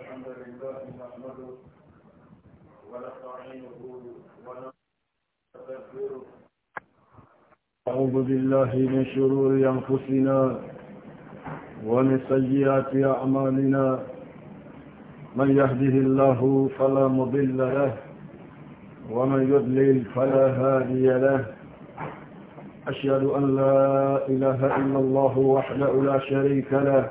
الحمد لله نحمده ونستعينه ونستغفره أعوذ بالله من شرور أنفسنا ومن سيئات أعمالنا من يهده الله فلا مضل له ومن يضلل فلا هادي له أشهد أن لا إله إلا الله وحده لا شريك له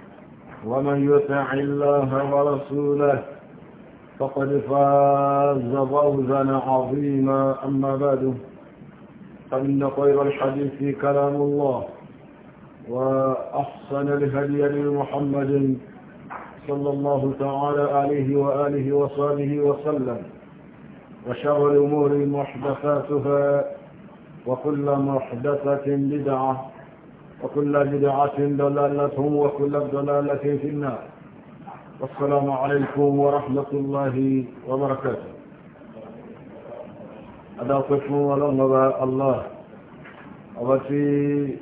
ومن يطع الله ورسوله فقد فاز فوزا عظيما أما بعد فإن خير الحديث كلام الله وأحسن الهدي لمحمد صلى الله تعالى عليه وآله وصحبه وسلم وشر الأمور محدثاتها وكل محدثة بدعة وكل بدعة ضلالة وكل ضلالة في النار والسلام عليكم ورحمة الله وبركاته أدعوكم ولغب الله وفي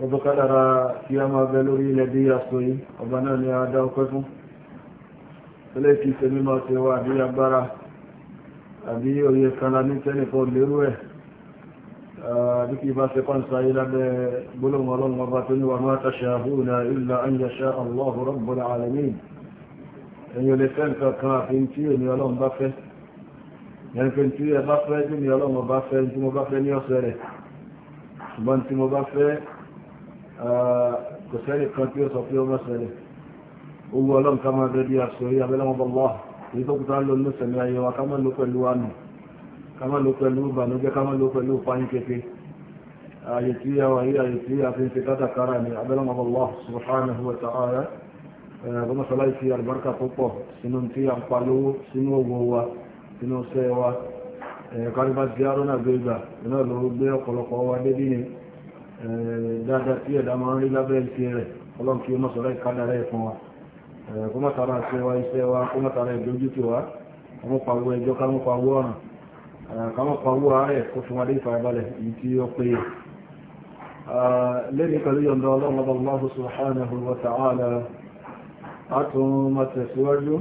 وذكر كيما بلوري لدي يصوي وبناني أدعوكم إليكي سميما سوى أبي أبرا أبي أريد كان لنتني فور لروه duk ba sai kwansa yi labe bulun walon mabatun wa mata shahuna illa an ya sha Allah rabbul alamin ẹ̀yìn olè fẹ́ǹkà kan àfin tí èmi ọlọ́run bá fẹ́ ẹ̀fin tí ẹ bá fẹ́ tí mi ọlọ́run bá fẹ́ tí mo bá fẹ́ ní ọ̀sẹ̀ rẹ̀ ṣùgbọ́n mo bá fẹ́ kò sẹ́rì kan tí ó sọ pé ọmọ sẹ́rẹ̀ owó ọlọ́run ká máa rẹ̀ bí aṣọ yí abẹ́lẹ́wọ̀n bọ́lá èyí tó kúta ń lò ní sẹ̀mí ayé wa ká máa lò pẹ̀lú ká má lò pẹ̀lú ìbànújẹ́ ká má lò pẹ̀lú ìpánikẹ́kẹ́ ààyè tí a wà yí ààyè tí a fi ń ṣe kátàkárà ní abẹ́lẹ́mọ̀ Allah subhanahu wa ta'ala bọ́n mọ́sálá ìfi àlùbáríkà púpọ̀ sínú tí iṣẹ́ wa káríbá ti wa ọmọ pàwọ́ ẹjọ́ ká mọ́ pàwọ́ ọ̀ràn kàmọ́pọ̀ owó ààrẹ kó fún wa dé ìfàyàbalẹ̀ èyí tí ó pé lẹ́ni pẹ̀lú yọ̀ndọ̀ ọlọ́run Allahu subhanahu wa ta'ala a tún ma tẹ̀síwájú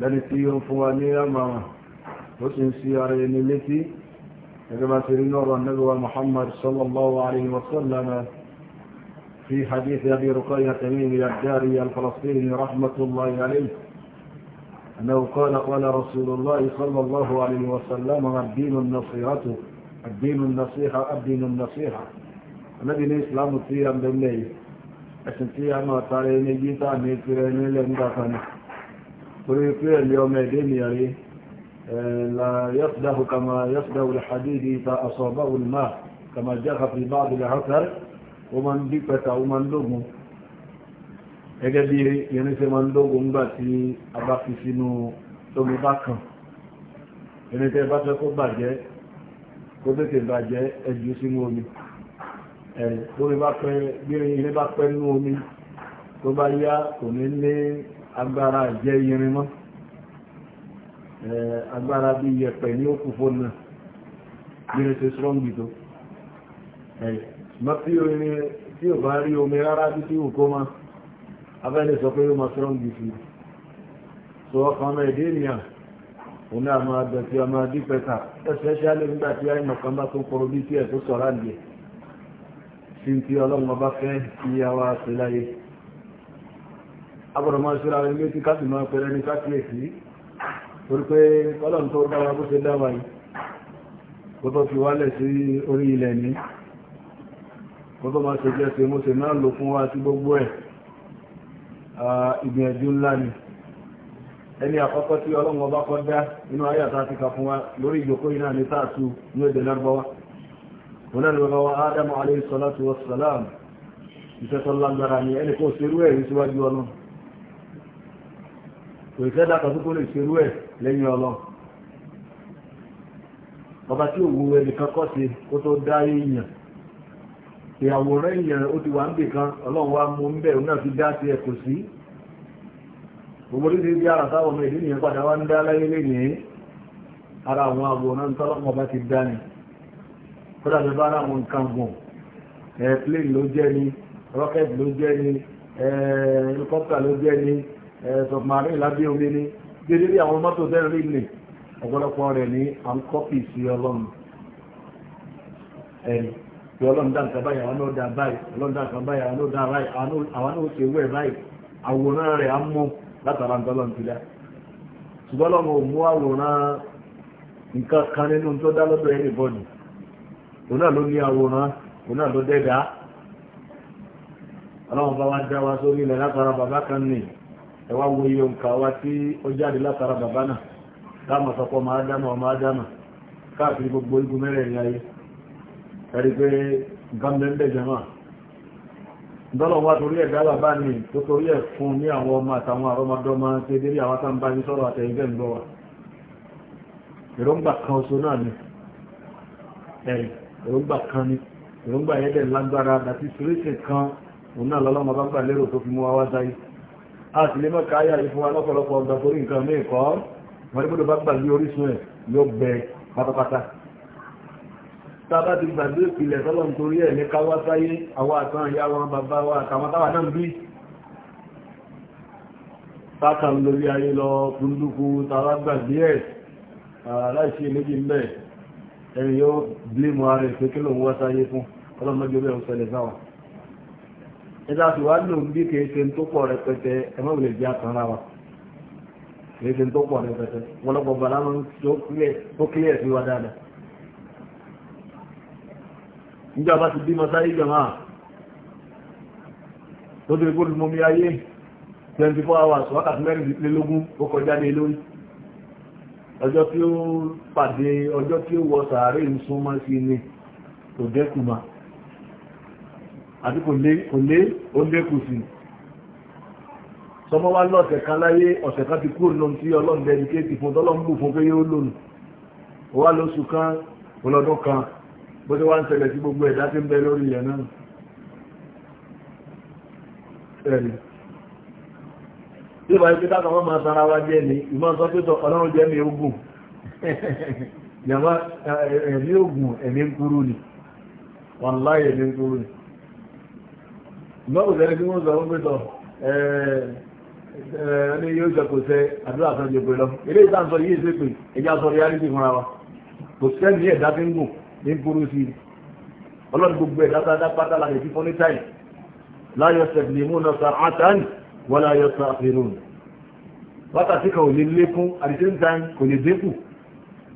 lẹ́ni tí ó ń fún wa ní àmàmà ó sì ń sí ara ẹni létí gẹ́gẹ́ bá ti rí lọ́rọ̀ nẹ́gbẹ̀wà Muhammad sallallahu alaihi wa sallam في حديث أبي رقية تميمي الداري الفلسطيني رحمة الله عليه أنه قال قال رسول الله صلى الله عليه وسلم الدين النصيحة الدين النصيحة الدين النصيحة النبي الإسلام فيها من الله أسن فيها ما تعليني جيتا من فريني لندفن قريب اليوم الدين يري لا يصده كما يصده الحديد إذا أصابه الماء كما جاء في بعض الأثر ومن بكة ومن لغمه gẹ́gẹ́ bí irinṣẹ́ ma ń lógun ńgbà tí a bá fi sínú tómi bá kàn irinṣẹ́ bá fẹ́ kó bàjẹ́ kó tètè bàjẹ́ ẹjù sínú omi tómi bá pẹ́ gbírin irin bá pẹ́ nínú omi tó bá yá kò ní lé agbára jẹ́ irin mọ́ agbára bí yẹ̀pẹ̀ ní òkú fóònù irinṣẹ́ strong tó ṣùgbọ́n tí ò bá rí omi rárá bí tí máa abẹ́lẹ̀ sọ pé ma strong bí fi so ọkàn ọmọ èdè ènìyàn òun náà máa dọ̀tí ọmọ dípẹ́ta especially nígbà tí àìmọ̀ kan bá tó kọrọ bí tí ẹ̀ tó sọ̀rọ̀ àdìẹ̀ sí ti ọlọ́run ọba fẹ́ kí a wá sí láyé agbọ̀dọ̀ máa ṣe ra ilé tí káàkì máa pẹ̀lẹ́ ní káàkìyèsí torí pé mo ṣe náà lò fún wa sí gbogbo ẹ̀ ìgbìyànjú ńlá ni ẹni àkọ́kọ́ tí ọlọ́run ọba kọ́ dá inú ayé àtàtí kà fún wa lórí ìjókòó iná ní sáàtú ní èdè lárúbáwá olóòlùwọ́wọ́ Ádámù alayhi salatu wassalam ìṣẹ́tọ́ lágbára ni ẹni kó ṣerú ẹ̀ síwájú ọlọ́run kò ìṣẹ́ dákọ̀ tó kó lè ṣerú ẹ̀ lẹ́yìn ọlọ́run ọba tí òwú ẹnìkan kọ́ sí kó tó ìyàwòrán èèyàn ó ti wà ń bì kan ọlọ́run wa mú ń bẹ̀ òun náà ti dá sí ẹ̀kọ́ sí gbogbo bí ara sáwọn ọmọ ìdí nìyẹn padà wá ń dá láyé ní ara àwọn àwòrán tọ́lọ́mọ bá ti dá ni kódà bí bá àwọn nǹkan gùn airplane ló jẹ́ ni rocket ló jẹ́ ni helicopter ló jẹ́ ni submarine lábẹ́ omi ni dédé bí àwọn mọ́tò rí nì ọ̀pọ̀lọpọ̀ rẹ̀ à ń kọ́pì sí ọlọ́run pé ọlọ́ndà nǹkan báyìí àwọn náà dá báyìí ọlọ́ndà nǹkan báyìí àwọn náà dá báyìí àwọn náà ṣe wẹ̀ báyìí àwòrán rẹ̀ á mú látara nǹkan lọ́n ti dá ṣùgbọ́n lọ́mọ ò mú àwòrán nǹkan kan nínú tó dá lọ́dọ̀ ẹni bọ́ọ̀nì òun náà ló ní àwòrán òun náà ló dẹ́dá ọlọ́run bá wá dá wa sórí ilẹ̀ látara bàbá kan nì ẹ wá wo iye tí ó jáde látara bàbá náà dáàmọ̀ ẹ̀rí pé gọ́ọ̀mẹ́ndẹ̀ jẹmọ́ dọ́lọ̀ wá torí ẹ̀dá bàbá ní tó torí ẹ̀ fún ní àwọn ọmọ àtàwọn àrọmọdọ́mọ tí dérí àwọn tán bá ní sọ́rọ̀ àtẹ̀yìnbẹ̀ ń bọ́ wa èròǹgbà kan oṣù náà ni ẹ̀rí èròǹgbà kan ni èròǹgbà ẹ̀dẹ̀ lágbára àti síríṣì kan òun náà lọ́lọ́mọ bá gbà lérò tó fi mú wa wá sáyé a sì lè mọ́ka ayé àyè fún wa tàbá ti gbàgbé ìpìlẹ̀ tọ́lọ̀ nítorí ẹ̀ ní káwá sáyé àwọn àtàn ìyá wọn bàbá wa àtàwọn táwà náà bí tàkà lórí ayé lọ kúndùkú tàbá gbàgbé ẹ̀ aláìsí méjì mẹ́ ẹ̀rìn yóò blímù ààrẹ pé kí lòun wá sáyé fún ọlọ́mọdé bẹ́ẹ̀ ń ṣẹlẹ̀ sáwà ẹ̀dá sì wá lò ń bí kìí ṣe tó pọ̀ rẹpẹtẹ ẹ̀mọ́ lè jẹ́ níjọ́ bá ti bímọ sáyé jọmọ́ tó dé gbóòlù mọ́mí ayé 24 hours wákàtí mẹ́rìnlélógún ó kọjá lé lórí ọjọ́ tí ó pàdé ọjọ́ tí ó wọ sàárè ń súnmọ́ sí ni kò dẹ́kù ma àti kò lé ó dẹ́kù sí sọmọ́ wá lọ́ọ̀sẹ̀ kan láyé ọ̀sẹ̀ kan ti kúrò lóhun tí ọlọ́run dẹ́ni fún tọ́lọ́run fún pé yóò lónìí wá lóṣù kan ọlọ́dún kan bó tó wá ń ṣẹlẹ̀ sí gbogbo ẹ̀dá tí ń bẹ lórí ilẹ̀ náà ẹ̀rì tí ìbá ìpé tákà wọ́n máa sanra wá jẹ́ ní ìmọ̀ sọ pé ọlọ́run jẹ́ mi ogun ẹ̀mí ogun ẹ̀mí ń kúrú ni wàláhì ẹ̀mí ń kúrú ni ìmọ̀kù sẹ́ni tí wọ́n sọ wọ́n pé sọ ẹni ní gbóró sí i ọlọ́run gbogbo ẹ̀ dáadáa pátá la lè fi fọ́nì táì láyọ̀ sẹ̀gbìn mú náà sa àtàn wọ́n láyọ̀ sa àfihàn wákàtí kan ò lè lékún àdìsẹ́ táì kò lè dínkù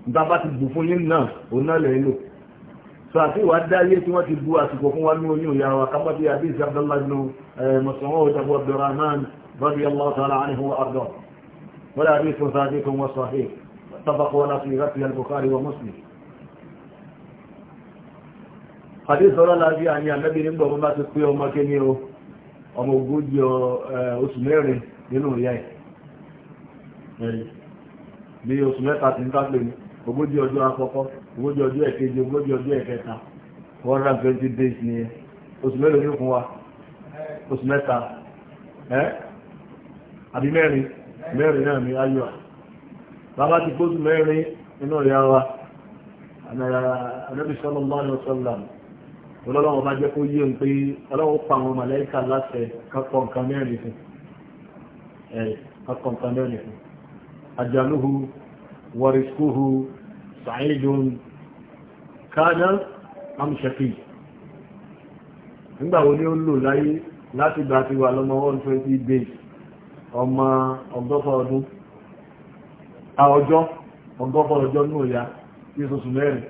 nígbà bá ti bù fún yín náà òun náà lè lò sọ àti ìwà dáyé tí wọ́n ti bu àsìkò fún wa ní oyún ìyá wa kábàdí àbíyèsí abdullahi mọ̀sánwó ìtàbí abdulrahman رضي الله تعالى عنه وأرضاه ولا حديث صادق وصحيح اتفقوا على صيغته البخاري ومسلم hadith sọ́rọ̀ láti àní ànábì nígbà ọmọ bá ti pé ọmọ kí ní ọmọ ogójì oṣù mẹ́rin nínú ìyá ẹ̀ bí oṣù mẹ́ta ti ń kápẹ́ ní ogójì ọjọ́ àkọ́kọ́ ogójì ọjọ́ ẹ̀kejì ogójì ọjọ́ ẹ̀kẹta 120 days ni oṣù mẹ́rin ní fún wa oṣù mẹ́ta ẹ́ àbí mẹ́rin mẹ́rin náà ni ayọ̀ bàbá ti kóṣù mẹ́rin nínú ìyá wa Ànábì sallallahu alaihi wasallam olọ́lọ́wọ́ bá jẹ́ kó yé ń pé ọlọ́wọ́ pa àwọn màláíkà láṣẹ kápọ̀ nǹkan mẹ́rin fún kápọ̀ nǹkan mẹ́rin fún ajaluhu wariskuhu sa'idun kana amshafi nígbà wo ni ó lò láyé láti gbà ti wà lọ́mọ 120 days ọmọ ọgọ́fà ọdún àọjọ́ ọgọ́fà ọjọ́ náà ya ní oṣù mẹ́rin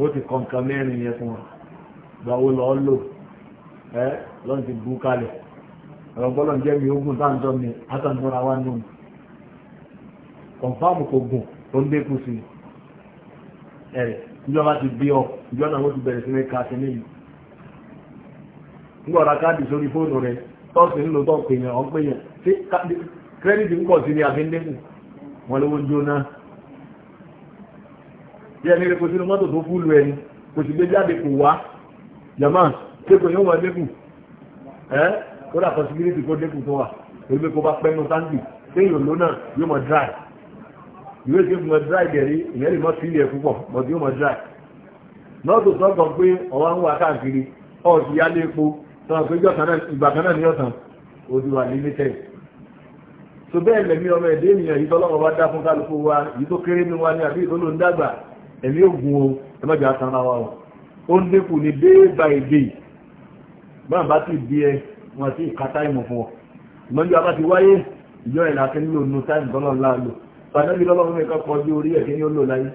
ó ti kọ̀ǹkan mẹ́rin yẹ fún wọn gbàwó lọ lò ẹ́ lọ́n ti bú kalẹ̀ ọ̀rọ̀ gbọ́dọ̀ jẹ́ mi ogun táǹtọ́ mi átàǹtọ́ra wá nù kọ̀ǹfàmù kò gùn tó ń dékù sí ẹ̀rẹ̀ ìjọba ti bí ọ ìjọ náà wọ́n ti bẹ̀rẹ̀ sí ní ka sí níyì nígbà ọ̀rá káàdì sórí fóònù rẹ̀ tọ́sí ń lò tọ́ pèèyàn ọ̀ pèèyàn tí kírẹ́dìtì ń pọ̀ sí ní àfíndékù wọn lówó jóná bí ẹni rẹ̀ kò sínú mọ́tò tó fúlù ẹni kò sì gbé jáde kò wá jama kéko yóò máa dẹ́kù ẹ́ ó dà possibility kó dẹ́kù tó wà ebi kó bá pẹ́nu táǹkì téèyàn ló náà yóò máa dry ìwé tí mo dry dẹ̀rí ìyẹn lè má fílì ẹ̀ púpọ̀ but yóò máa dry nọ́ọ̀tù sọ́kàn pé ọ̀wá ń wà káàkiri ọ̀ọ̀tì yálé epo sọ̀rọ̀ pé ìgbà kan náà ní ọ̀sán òdùwà limited so bẹ́ẹ̀ lẹ̀mí ọmọ ẹ̀dẹ́ ènìyàn yìí tọ́lọ́wọ́ bá dá fún kálukú wa yìí tó kéré ní wa ní àbí ìtọ́lò ń dàgbà ẹ̀mí ògùn o ẹ̀mọ́jà sanra wa o ó ń lékù ní day by day bọ́n bá ti bí ẹ wọ́n ti ìka táìmù fún ọ ìmọ́jú abá ti wáyé ìjọ ìlàkẹ́ nílò nù táìmù tọ́lọ̀ ńlá lò pàtàkì lọ́lọ́ fún mi kan kọjú orí ẹ̀ kí ni ó lò láyé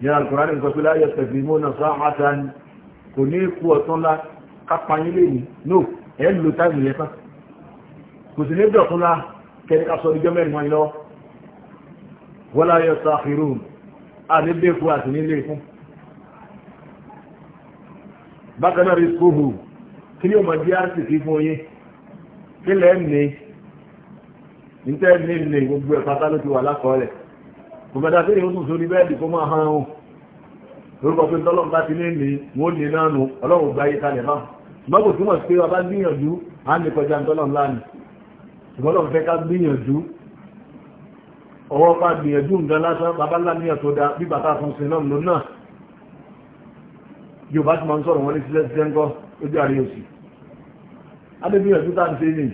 ní alukùránì nǹkan pé láyé pẹ̀lú ìmọ̀ náà sọ àmàta ni kò ní kú ọ̀tún lá kápá yín lè ní no ẹ̀ ń lo táìmù yẹn tán kò sì ní bí ọ̀tún lá kẹ́ni ká sọ ìjọ mẹ́rin wọn lọ wọ́n láyé ọ̀tún àfihàn àdébẹ́kù àti nílé fún bákan náà rizquhu kí ni ó máa jẹ́ àṣìkí fún yín kí lẹ́ ní nítẹ́ ní ní gbogbo ẹ̀ pátá ló ti wà lákọọ́lẹ̀ kò bẹ̀dá sí ìhùn sórí bẹ́ẹ̀dì kó máa hàn án lórúkọ pé tọ́lọ́m bá ti ní ní wọ́n ní náà nù ọlọ́run gba ayé kalẹ̀ bá ṣùgbọ́n kò túmọ̀ sí pé wa bá gbìyànjú à ń kọjá tọ́lọ́m lánìí ṣùgbọ́n lọ́n fẹ́ ká gbìyànjú ọwọ́ pa gbìyànjú nǹkan lásán babaláníyàn tó da bí bàtà fún sinọ́ọ̀nù náà yorùbá ti máa ń sọ̀rọ̀ wọn ní sílẹ̀ sílẹ̀ ńkọ́ ojú àrí òsì adébíyànjú tá à ń ṣe ní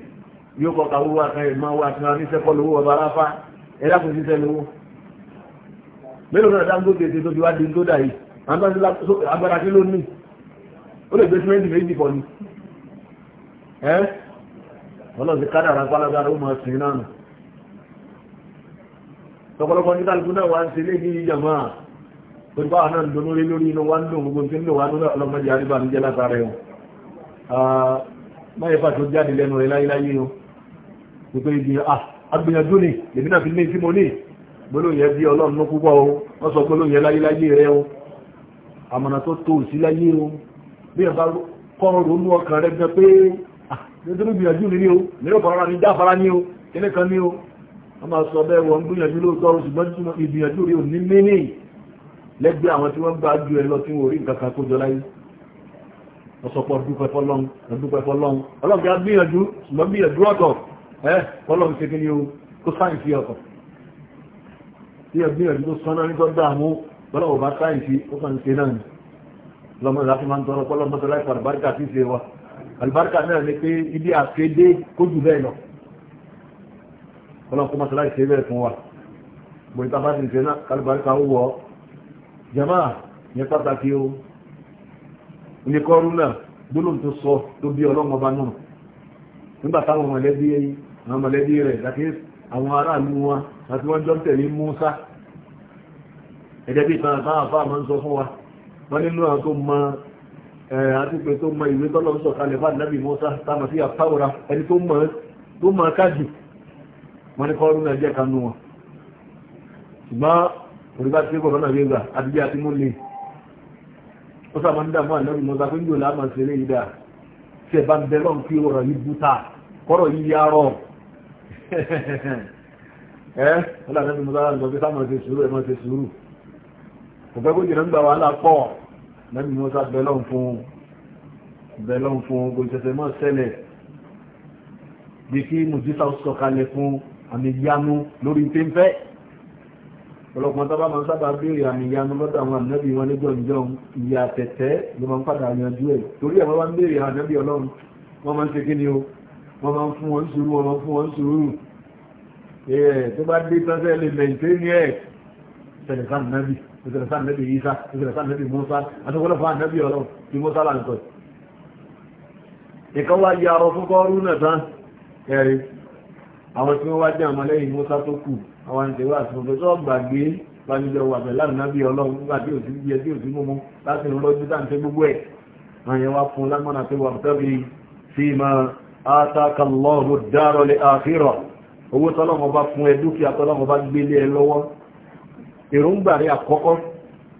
yóò kọ́ ka wúwo àkànyè máa wá àkànyè ní sẹ́kọ́ lówó ọba aráfá ẹ̀dá kò sí sẹ́ lówó di tó dà yìí agbára kí ló ní ó lè gbé símẹ́ǹtì méjì pọ̀ ni ẹ́ ọlọ́sìn kádàrá pálágbára gbogbo àwọn náà dúnú lórí inú wá ń dùn gbogbo tí ń lò wá lórí ọlọ́mọdé àríbà ní jẹ́lá sáré o máyé fà tó jáde lẹ́nu rẹ̀ láyéláyé o gbogbo ibi agbìyànjú ni èmi náà fi ní sí mo ní gbólóyẹ bí ọlọ́run púpọ̀ o wọ́n sọ gbólóyẹ láyéláyé rẹ o àmọ̀nà tó tó sí láyé o bí ẹ̀ bá kọ́rọ̀ ronú ọkàn rẹ gbẹ pé nítorí gbìyànjú ni o mìíràn fara ní jáfara ní o kíní kan ní o wọ́n máa sọ bẹ́ẹ̀ wọ́n gbìyànjú lóòótọ́ ṣùgbọ́n ìgbìyànjú rẹ ò ní mí lẹ́gbẹ́ àwọn tí wọ́n bá ju ẹ lọ tí wọ́n rí nǹkan kan kó jọ láyé ọ̀sọ̀pọ̀ dúpẹ́ fọ́lọ́n dúpẹ́ fọ́lọ́n ọlọ́run bí a gbìyànjú ṣùgbọ́n gbìyànjú ọ̀tọ̀ ẹ́ fọ́lọ́run ṣe kí ni o kó sáyẹ̀nsì ọ̀tọ̀ tí a gbìyànjú tó sọ́nà ní tọ́ dáàmú fọ́lọ́run bá sáyẹ̀nsì ó kàn ṣe náà ni lọ́mọ ìlà fi máa ń tọrọ fọ́lọ́run mọ́tọ́ láìpẹ́ àlùbáríkà sí ṣe wa àlùbáríkà náà ni pé ibi àkédé kó jù bẹ́ẹ̀ lọ fọ́lọ́run kó mọ́tọ́ láì ṣe bẹ́ẹ̀ fún wa bóyá tá a bá ti ṣe náà kálùbáríkà ó wọ̀ ọ́ jama ní pàtàkì o oníkọrú náà gbólóhùn tó sọ tó bí ọlọ́mọ bá náà nígbà táwọn mọ̀lẹ́bí àwọn mọ̀lẹ́bí rẹ̀ láti àwọn aráàlú wọn àti wọ́n jọ ń tẹ̀lé Mùsá ẹ̀jẹ̀ bí ìtàn àtàwọn àfáà máa ń sọ fún wa wọ́n nínú àwọn tó mọ àtúpẹ́ tó mọ ìwé tọ́lọ́ ń sọ̀kalẹ̀ bá nàbì Mùsá táwọn sí àtàwòrán ẹni tó mọ̀ tó mọ̀ kájù wọ́n ní kọ́rú náà jẹ́ kanú wọn ṣùgbọ́n òrùbá tí kò lọ́nà gbégbà àdúgbò àti múlẹ̀ ó sábà ń dààmú àlọ́ ìmọ̀ ọ̀sá pé yóò láàmà sí eré ìdá tí ẹ̀ bá ń bẹ lọ́n pé ọ̀rọ̀ yìí búta kọ́rọ̀ yìí yá rọ̀ ẹ́ ọlọ́dún mi mọ́tà lọ pé sáà ṣe sùúrù ẹ̀ máa ṣe sùúrù ọ̀pọ̀lọpọ̀ tọ́bá máa sábà béèrè àmì ìyanu lọ́dọ̀ àwọn ànábì wọn nígbà ìjọ ìyà tẹ̀tẹ́ ló máa ń padà yanjú ẹ̀ torí àwọn wọn béèrè ànábì ọlọ́run wọ́n máa ń ṣe kíni o wọ́n máa ń fún wọn sùúrù wọ́n máa ń fún wọn sùúrù ẹ̀ tó bá dé tọ́sẹ̀ lè mẹ̀ntẹ́ni ẹ̀ tẹ̀lẹ̀sán ànábì tẹ̀lẹ̀sán ànábì Ìsá tẹ̀lẹ̀sán ya ọ̀rọ̀ fún kọ́rú náà tán ẹ̀rí àwọn tí wọ́n wá àwọn ìdèwà àti òfẹ́sọ́ gbàgbé gbanijọ wà pẹ̀lú ànábì ọlọ́run nígbà tí òsì yẹ tí òsì múmú láti rán lọ́jú dáńté gbogbo ẹ̀ àyẹ̀ wá fún lágbọ́nà tó wà tẹ́bi sí ma átákàlọ́rù dárọ̀ lè àfírọ̀ owó tọ́lọ́mọ bá fún ẹ dúkìá tọ́lọ́mọ bá gbélé ẹ lọ́wọ́ èròǹgbà rẹ àkọ́kọ́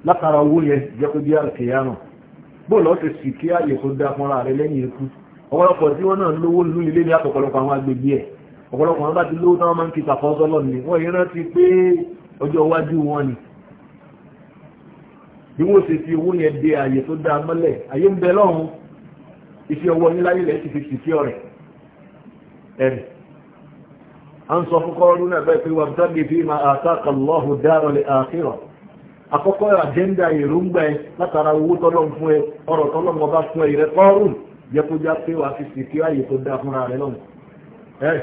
látara owó yẹn jẹ́ kó jẹ́ àrùkìyànà bó lọ́ ti sì kí àyè tó dá fúnra rẹ lẹ́yìn ikú ọ̀pọ̀lọpọ̀ tí wọ́n náà lówó lú ilé ní àtọ̀pọ̀lọpọ̀ àwọn agbègbè ẹ̀ ọ̀pọ̀lọpọ̀ wọn bá ti lówó táwọn máa ń kíkà fọ́ sọ́lọ́ ni wọ́n yìí rántí pé ọjọ́ iwájú wọn ni bí wọ́n ṣe fi owó yẹn dé ààyè tó dáa mọ́lẹ̀ àyè ń bẹ lọ́hùn iṣẹ́ ọwọ́ ní láyé lẹ́sì fi sì ọ̀rẹ́ ẹ̀rì a ń sọ fúnkọ́ ọdún náà bẹ́ẹ̀ pé wà tábí fi ma àtàkà lọ́hù dára lè àkírọ̀ àkọ́kọ́ àjẹ́ndà èròǹgbà ẹ látara owó tọ́lọ́ fún ẹ ọ̀rọ̀ tọ́lọ́ ọba fún ẹ ìrẹ́kọ́rùn-ún jẹ́ kó já pé wà fi sì ààyè tó dáa fúnra rẹ lọ́hùn ẹ̀rì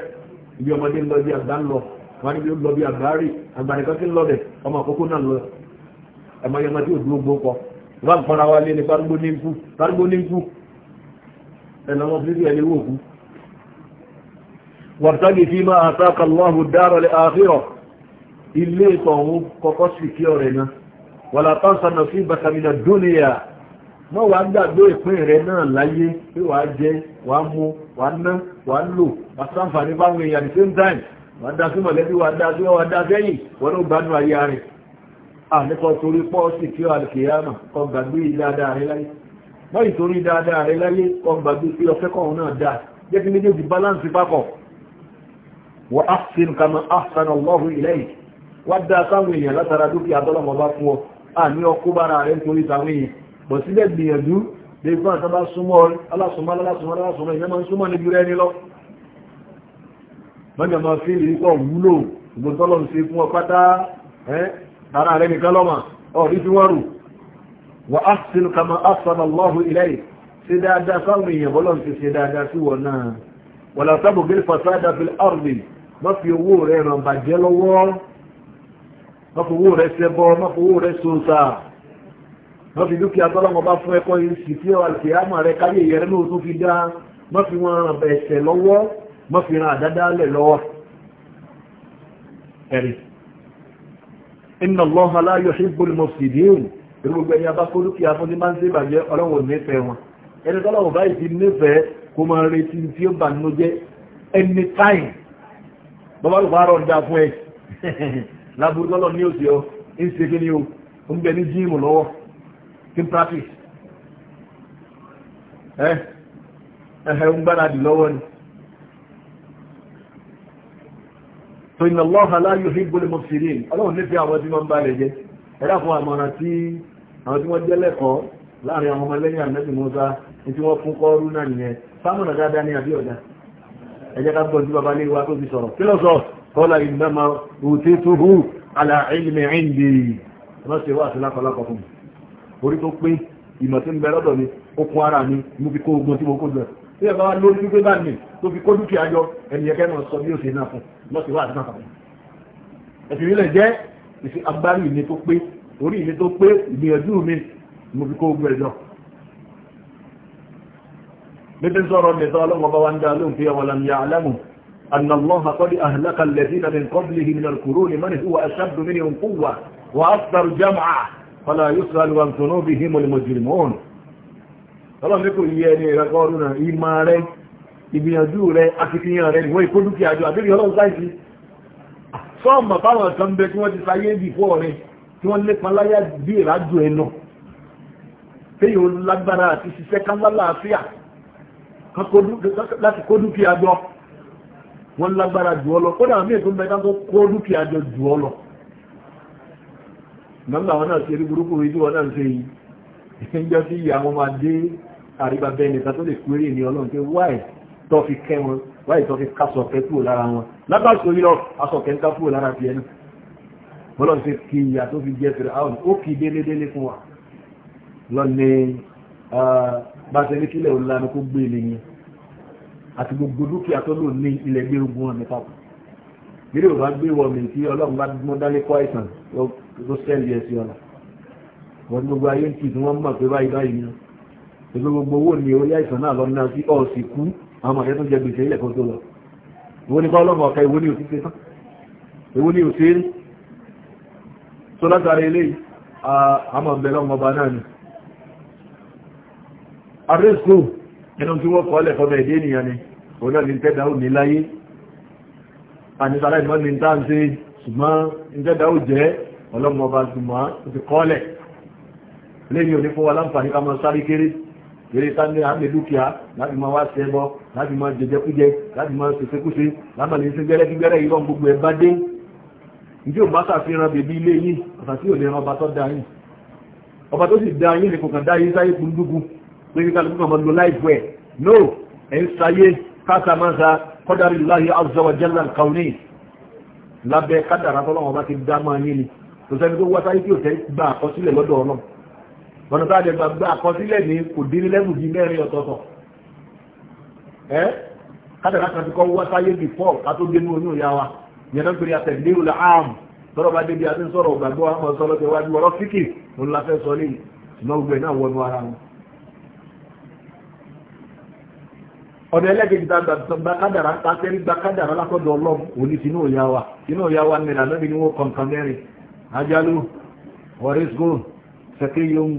ibi ọmọdé ń lọ bí àgbà ń lọ wọ́n níbi ó lọ bí àgbà rí àgbà nìkan tí ń lọ bẹ̀ ọmọ àkókò náà lọ ẹ̀mọ yẹn ọmọdé òdúró gbó pọ̀ wọ́n ń pọnra wa lé ní parúgbó ní nkú parúgbó ní nkú ẹ̀nà ọmọ fífi ẹni wò kú. wàtàgì fi máa àtàkà lọ́hù dárọ̀ lẹ́ àfihàn ilé ìtọ̀hún kọ́kọ́ sì kí ọ̀rẹ́ náà wàlá tánṣà náà fi bàtàmínà dúnìyà mọ́ wàá gbàgbé ìpín rẹ̀ náà láyé pé wàá jẹ wàá mú wàá ná wàá lò àtàǹfààní bá ń rìn at the same time wà dá sí mọ̀lẹ́bí wà dá sí ọwà dá sẹ́yìn wọ́n ó gbánú ayé rẹ̀ àníkọ́ torí pọ́ sí kí alìkìyàmà kọ gbàgbé dáadáa rẹ̀ láyé wọ́n ìtorí dáadáa rẹ̀ láyé kọ gbàgbé pé ọfẹ́kọ̀ọ́ náà dáa jẹ́ kí méjèèjì balance papọ̀ wà áṣìn kama áṣàn ọlọ́run ilẹ̀ yìí wà dá sáwọn èèyàn látara dúkìá tọ́lọ́mọ bá fún ọ àní ọkú bára rẹ̀ nítorí sáwọn gbìyànjú lè fún àtàbà súnmọ́ alásùnmọ́ alásùnmọ́ alásùnmọ́ ìyẹn súnmọ́ níbi rẹ̀ ní lọ́wọ́ mọ́jọ máa fi lè pọ̀ wúlò ìgbòtọ́lọ̀ ṣe fún ọ pátá ara rẹ̀ nìkan lọ́mà ọ̀rí tí wọ́n rù wà á sí ní kama asana lọ́hù ilẹ̀ ṣe dáadáa sáwọn èèyàn bọ́lọ̀ ṣe ṣe dáadáa sí wọn náà wà látàbò gẹ́lẹ́ fasada fi ọ̀rìn má fi owó rẹ̀ ràn bàjẹ́ lọ́wọ́ má fi owó rẹ̀ ṣẹbọ má fi owó rẹ̀ ṣoṣà má fi dúkìá tọ́lọ́mọ bá fún ẹkọ́ yìí sì fi mọ́ fi ran àdádálẹ̀ lọ́wọ́ ẹ̀rí inna Allaha la yuhibbul mufsidin irúgbẹ́ ni a bá kólúkí afún ní máa ń sèbàjẹ́ ọlọ́wọ̀ nífẹ̀ẹ́ wọn ẹni tọ́lọ́wọ̀ báyìí ti nífẹ̀ẹ́ kó máa retí tí ó bà nínú jẹ́ ẹni táìm bọ́bá lùpá rọ̀ ń dá fún ẹ lábúrú ní òsì ń ṣe kí ni o ń ẹ̀hẹ̀ ń gbáradì lọ́wọ́ ni so inna Allaha la yuhibbul mufsidin ọlọ́run nífẹ̀ẹ́ àwọn tí wọ́n bá lè jẹ́ ẹ̀dá fún àmọ́ràn tí àwọn tí wọ́n jẹ́ lẹ́kọ̀ọ́ láàrin àwọn ọmọlẹ́yìn àmẹ́bì Musa ní tí wọ́n fún kọ́ọ́rú náà nìyẹn sámọ̀nà dáadáa ní àbí ọ̀dá ẹjẹ́ ká gbọ́ sí baba lè wa tó fi sọ̀rọ̀ kí ló sọ kọ́lá innama tí ẹ bá lórí wípé bá ní tó fi kó dúkìá yọ ẹni yẹ kẹ́nà sọ bí ó ṣe náà fún lọ́sí wà àti náà fún ẹ̀sìn ilẹ̀ jẹ́ ìsìn agbárí ìní tó pé orí ìní tó pé ìgbìyànjú mi mo fi kó ogun ẹ̀jọ́ bíbí sọ̀rọ̀ nìta ọlọ́mọ bá wa ń dá lóhùn pé ọwọ́lá ni yàlámù أن الله قد أهلك الذين من قبله من القرون من هو أشد منهم قوة وأكثر جمعا فلا يسأل عن ذنوبهم المجرمون ọlọ́run kò yí ẹni ìrẹ́kọ́ ọdún náà ìmọ̀ rẹ ìgbìyànjú rẹ akitiyan rẹ ìwọ̀n ìkó dúkìá jọ àbí ọlọ́run sáìsì sọ́ọ̀mọ̀ fáwọn kan bẹ tí wọ́n ti sáyé bì fọ́ rẹ tí wọ́n lépa láyá bí ìrájò ẹnu téyì ó lágbára àti ṣiṣẹ́ kánlá láàfíà láti kó dúkìá jọ wọ́n lágbára jù ọ lọ kódà àmì ètò mẹ́ta tó kó dúkìá jọ jù ọ lọ nígbà wọn náà ṣe rí burúkú ìdíwọ́ náà ṣe yìí ìjọ sí ìyá wọn máa dé àríbá bẹ́ẹ̀ni ìta tó lè péré ní ọlọ́run pé wáì tó fi kẹ́ wọn wáì tó fi kásọ̀ kẹ́ kúrò lára wọn lábàṣọ yìí lọ aṣọ kẹ́ ń ká kúrò lára tiẹ̀ náà bọ́lọ̀ ṣe kí ìyà tó fi jẹ́ fèrè àwọn ó kì í délédélé fún wa lọ́ni bàtẹ́ ní kílẹ̀ olùlànà kó gbé ilé e yẹn àti gbogbo dúkìá tó lò ní ilẹ̀ gbé ogun ọ̀nà papọ̀ gbére ò bá gbé wọ mi tí ọlọ́run bá mọ́ dálé kọ́ àìsàn ló sẹ́ẹ̀lì ẹ̀ sí ọ̀la wọ́n gbogbo ayé ń tì tí wọ́n mọ̀ pé báyìí báyìí ni ìgbé gbogbo owó ni orí àìsàn náà lọ náà sí ọ̀sì kú àwọn ọ̀rẹ́ tó jẹ gbèsè ilẹ̀ kan tó lọ ìwọ ní kọ́lọ́mọ̀ ọ̀ka ìwọ ní òsì tán ìwọ ní òsì rí tó látara ilé àmọ́ náà ni àrísù ẹnu tí wọ́n kọ́ lẹ̀ fọ́mọ ẹ̀dẹ́ ènìyàn ni òun náà ní tẹ́dà ò ní láyé àníṣàlá ìmọ̀ ní tá à ń ṣe ṣùgbọ́n ní tẹ́dà ò jẹ́ ọlọ́mọ ọba ṣùgbọ́n ó ti kọ́ lẹ̀ lẹ́yìn òní fún wa láǹfààní ká máa sáré kéré eré sáré àmì dúkìá láti máa wá sí ẹbọ láti máa jẹjẹkújẹ láti máa ṣèṣekúṣe lámàlẹ̀ sí gbẹ́rẹ́gbẹ́rẹ́ ìrọ̀ gbogbo ẹ̀ bá dé ìdí ò bá sàfihàn bèbí ilé yìí ọ̀sà tí ò lè ran ọba tó dá yìí ọba tó sì dá yìí lè kọ̀kan dá yìí sáyé kún dúkú pé kí kálukú kan máa lo láìpọ̀ ẹ̀ no ẹ̀ ń sáyé káàkà máa sa kọ́dárì láyé azza wa jalla al-kawni lábẹ́ kádàrà tọ́lọ́wọ́n bá ti dá máa yìí ni kò sẹ́ni tó wá sáyé tí ò tẹ́ gbà àkọsílẹ̀ lọ́dọ̀ ọlọ́run ọ̀nà tó àjẹgbà gbà àkọsílẹ̀ ní kò dín ní lẹ́bù bíi mẹ́rin ọ̀tọ̀ọ̀tọ̀ ẹ́ kádàrá kan ti kọ́ wá sáyé bíi paul ká tó dénú oyún ìyá wa ìyẹn náà pèrè àtẹ̀lérò la am tọ́rọ̀ bá débi àti sọ̀rọ̀ ògbàgbọ́ àmọ́ sọ́lọ́ tẹ wájú ọ̀rọ̀ fíkì mo la fẹ́ sọ lé ṣùgbọ́n gbogbo ẹ̀ náà wọnú ara wọn. ọ̀dọ̀ ẹlẹ́gẹ̀ẹ́jì ta gba kádàrá ta tẹ́rí gba kádàrá látọ̀dọ̀ ọlọ́run òní sínú òyà wa sínú òyà wa nìyà lọ́bì ni wọ́n kọ̀ǹkan mẹ́rin ajálù wọ̀rísgò sẹ́kéyọ̀n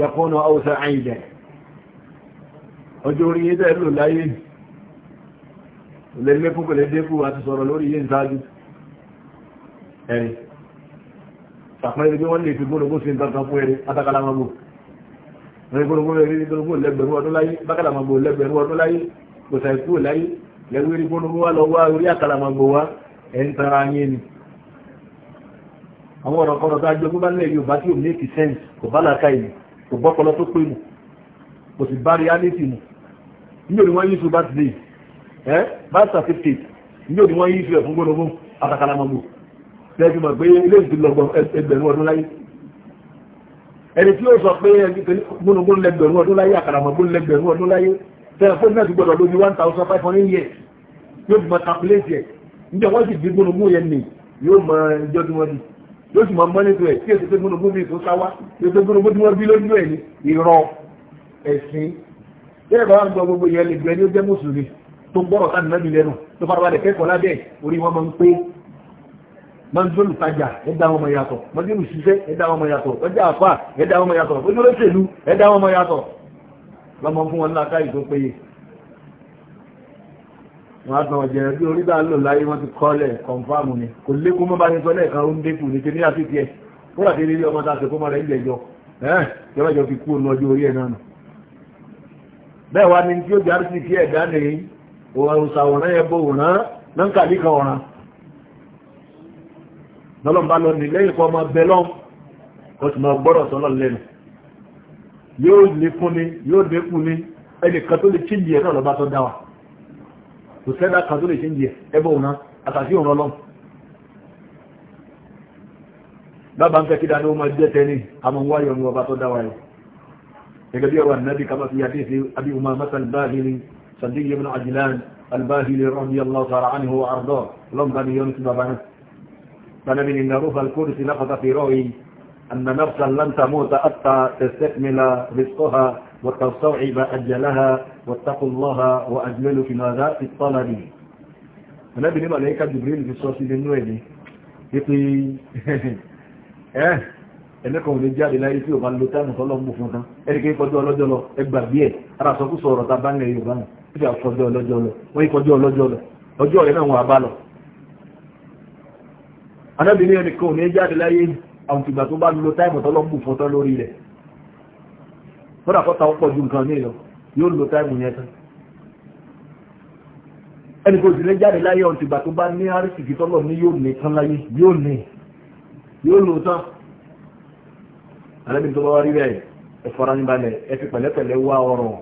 yẹkúnnù ọ̀sẹ̀ àìdẹ̀ ọjọ́ orí ẹ̀dẹ̀ lò láyé lè lékún kò lè dékù àti sọ̀rọ̀ lórí yé ìsáájú ẹ̀rì sàpẹ́rẹ́ bí wọ́n lè fi gbólógún sí nǹkan fún ẹ̀rẹ́ atákàlámàgbò gbólógún rẹ̀ gbólógún lẹ́gbẹ̀rún ọdún láyé bákàlámàgbò lẹ́gbẹ̀rún ọdún láyé kò sàìkú láyé lẹ́gbẹ̀rún gbólógún wá lọ wá orí àkàlámàgbò wá ẹ̀ ń tara yé ni àwọn ọ̀rọ̀ kọ́rọ̀ tó ajogún bá nílẹ̀ Yorùbá tí ò ní èkì sẹ́ǹsì kò bá làákà yìí kò gbọ́pọlọ tó pé mù kò sì bá reality mù níbi òní wọ́n yí su bá ti lè ẹ́ bá certificate níbi òní wọ́n yí su ẹ̀fún gbọ́nàmú àtàkàlàmọ́gbò lẹ́gbẹ̀ mọ̀ pé ilé ìdílọ́gbọ̀n ẹgbẹ̀rún ọdún láyé ẹni tí ó sọ pé gbọ́nàmú lẹ́gbẹ̀rún ọdún láyé àkàlàmọ́gbò lẹ́gbẹ̀rún ọdún láyé tẹ́lẹ̀fóònù náà ti gbọ́dọ̀ lójú one thousand five hundred years yóò fi mọ calculate yẹ níjọ wọ́n sì bí gbọ́nàmú yẹn nì yóò mọ ẹjọ́ tí wọ́n di yóò sì máa mọ́nítò ẹ̀ tí èsì tó gbónúgbó bíi tó sáwá tí èsì tó gbónúgbó tí wọ́n bí lójú ẹ̀ ní ìrọ̀ ẹ̀sìn bẹ́ẹ̀ bá wà gbọ́ gbogbo ìyẹn lè gbẹ́ ní ó jẹ́ mùsùlùmí tó gbọ́rọ̀ sáà nínú lẹ́nu tó fara balẹ̀ kẹ́kọ̀ọ́ lábẹ́ orí wọn máa ń pé máa ń dóòlù tajà ẹ̀dá wọn máa yàtọ̀ máa ń dóòlù ṣiṣẹ́ ẹ̀dá wọn máa yàtọ̀ ọjà àfà ẹ̀dá wọn máa yàtọ̀ ojúlóṣèlú ẹ̀dá wọn máa yàtọ̀ lọ́mọ fún wọn láká ìtó péye wọ́n á jẹ́rẹ̀ bí orí bá lò láyé wọ́n ti kọ́lẹ̀ kọ̀nfàmù ni kò lékún mọ́ bá ti sọ lẹ́ẹ̀kan ó ń dékù ní kìíní àfíkì ẹ̀ kó rà tẹ́lẹ̀ ọmọ tàṣẹ fún mọ́rẹ̀ ìgbẹ̀jọ ẹ̀ẹ́jọ fi kú ọjọ́ orí ẹ̀ náà bẹ́ẹ̀ wá ní tí ó jà sí ti ẹ̀dá ní òṣàwòrán ẹbọ òràn lọ́nkàlí kan ọ̀ràn lọ́lọ́mbalọ́ ni lẹ́yìn kọ́ ọmọ ẹni kan tó lè kí ìyẹn náà lọ bá tó dáwàá kò sẹ́dá kan tó lè ṣe ń jẹ ẹbọ òun náà àtàtì òun ọlọ́run bàbá ń fẹ́ kí dáadọ́ máa jẹ́ tẹ́ni àmọ́ wáyọ̀ ní ọba tó dáwà rẹ̀ gẹ́gẹ́ bí ọwà nàbí kama fi yàtí sí abi umar masal bahili sadiq ibn وتستوعب أجلها واتقوا الله وأجملوا في ماذا في الطلب النبي نبقى لك جبريل في الصوص للنوالي يقي ẹ́ ẹ̀lẹ́kọ̀ọ́ lè jáde láyé tí ò bá lo táìmù tọ́lọ́ mú fún tán ẹ̀ríkẹ́ ìkọjọ́ ọlọ́jọ́ lọ ẹgbà bí ẹ̀ ara sọkúsọ ọ̀rọ̀ ta bá ń lẹ̀ Yorùbá nù títí àkọjọ́ ọlọ́jọ́ lọ wọ́n ìkọjọ́ ọlọ́jọ́ lọ ọjọ́ rẹ̀ náà wọ́n abá lọ. anábìnrin ẹnìkan ní jáde láyé fọ́dà kọ́ta ọ̀pọ̀ ju nǹkan ní lọ yóò lo táìmù yẹn tán ẹni kò sì lè jáde láyé ọ̀n tìgbà tó bá ní àrísìkì tọ́lọ̀ ní yóò ní tán láyé yóò ní yóò lò tán alẹ́bí tó bá wá rí rẹ̀ ẹ fara ní balẹ̀ ẹ fi pẹ̀lẹ́pẹ̀lẹ́ wá ọ̀rọ̀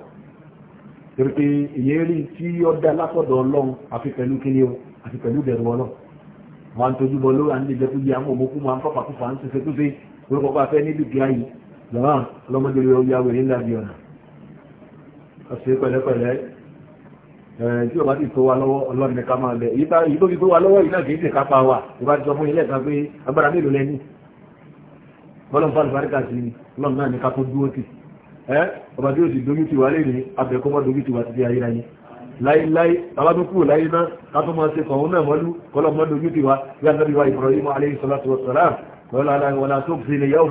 torí pé ìyẹn rí tí ó dá látọ̀dọ̀ ọlọ́run àfi pẹ̀lú kíni o àfi pẹ̀lú bẹ̀rù ọlọ́run wọn á ń tojú bọ lórí à ń lè jẹ́ jọba ọlọ́mọdé ló yá wẹ̀ nílẹ̀ àbí ọ̀nà ọ̀sẹ̀ pẹ̀lẹ́pẹ̀lẹ́ tí o bá ti tó wa lọ́wọ́ ọlọ́run ní ká máa lẹ̀ èyí tó fi tó wa lọ́wọ́ yìí náà kì í ṣe kápá wa ìbá ti sọ fún ilé ẹ̀ka pé ni ọlọ́run náà ní ká tó dúró tì ẹ́ ọba tí ó sì domi ti wà lé ní abẹ́kọ́mọ́ domi ti wà ti di ayérayé láíláí bàbá tó kúrò láyé náà ká tó máa ṣe kọ̀ọ̀hún náà mọ́lú kọ́lọ́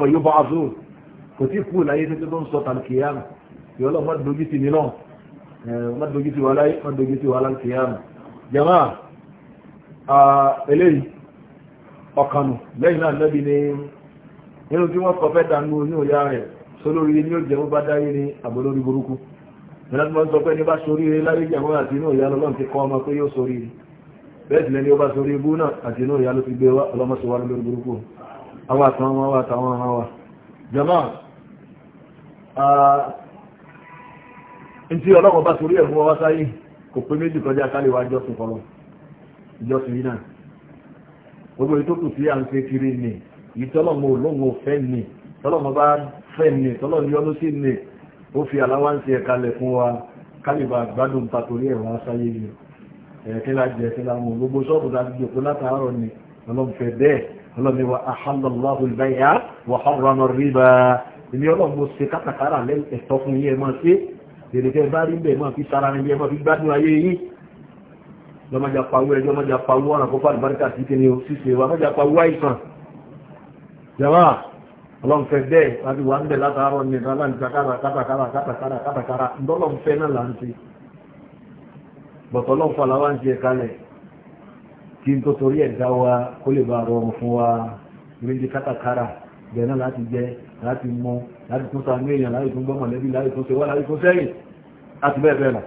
mọ́ kò tí kú láyé tó tó ń sọ tàlùkìyàmù kí ọlọ́ má dojú ti nílọ má dojú ti wà láyé má dojú ti wà lálùkìyàmù jama eléyìí ọkànù lẹ́yìn náà lẹ́bi ni nínú tí wọ́n kọfẹ́ dànù ní òyà rẹ̀ sólórí ní ó jẹun bá dáyé ní àbólórí burúkú ìrántí wọ́n sọ pé ní bá sórí rẹ̀ láyé jẹun àti inú ìyá lọ́lọ́n ti kọ́ ọmọ pé yóò sórí rẹ̀ bẹ́ẹ̀ sì lẹ́ni ó bá sórí ibú náà àti inú ìyá ló ti gbé ọlọ́mọsíwá lórí burúkú àwọn àtàwọn àwọn àtàwọn àwọn jama Ah, ntí ọlọ́wọ́ bá torí ẹ̀fún ọwá sáyé kò pé méjì kọjá kálẹ̀ wá jọ́sìn kọlọ́ ìjọsìn yìí náà gbogbo ètò kù sí à ń ṣe kiri nì yìí tọ́lọ́mọ olóhùn òfẹ́ nì tọ́lọ́mọ bá fẹ́ nì tọ́lọ́mọ yọ́nú sí nì ó fi aláwá ń ṣe ẹ̀ka lẹ̀ fún wa kálẹ̀ bá gbádùn ta torí ẹ̀wọ̀n sáyé yìí ẹ̀kẹ́ la jẹ́ ẹ̀kẹ́ la mú gbogbo sọ́ọ̀bù láti jòkó látàárọ̀ ni ọlọ́mfẹ́ bẹ́ẹ̀ ọlọ́mọ wa ahalla Allahu al-bay'a riba èmi ọlọ́run mo ṣe kátàkárà lẹ́yìn ẹ̀tọ́ fún yín ẹ máa ṣe èrèkẹ́ bá rí bẹ́ẹ̀ máa fi sára ní ẹ máa fi gbádùn ayé yín lọ́mọdé apawó ẹjọ́ mọ́dé apawó ọ̀nà kó fà lùbáríkà sí kí ni ó ṣíṣe wa mọ́dé apawó àìsàn jẹ́wà ọlọ́nfẹ́ bẹ́ẹ̀ láti wà ń bẹ̀ látàárọ̀ ní ìdáná ní kátàkárà kátàkárà kátàkárà kátàkárà ńdọ́lọ́nfẹ́ náà là ń ṣe n tó torí ẹ̀dá wa kó lè bá rọrùn fún wa méjì kátàkárà bẹ́ẹ̀ láti jẹ́ láti mọ láti tún ta ní èèyàn láti tún gbọ́ mọ̀lẹ́bí láti tún ṣe wá láti tún sẹ́yìn àti bẹ́ẹ̀ bẹ́ẹ̀ lọ.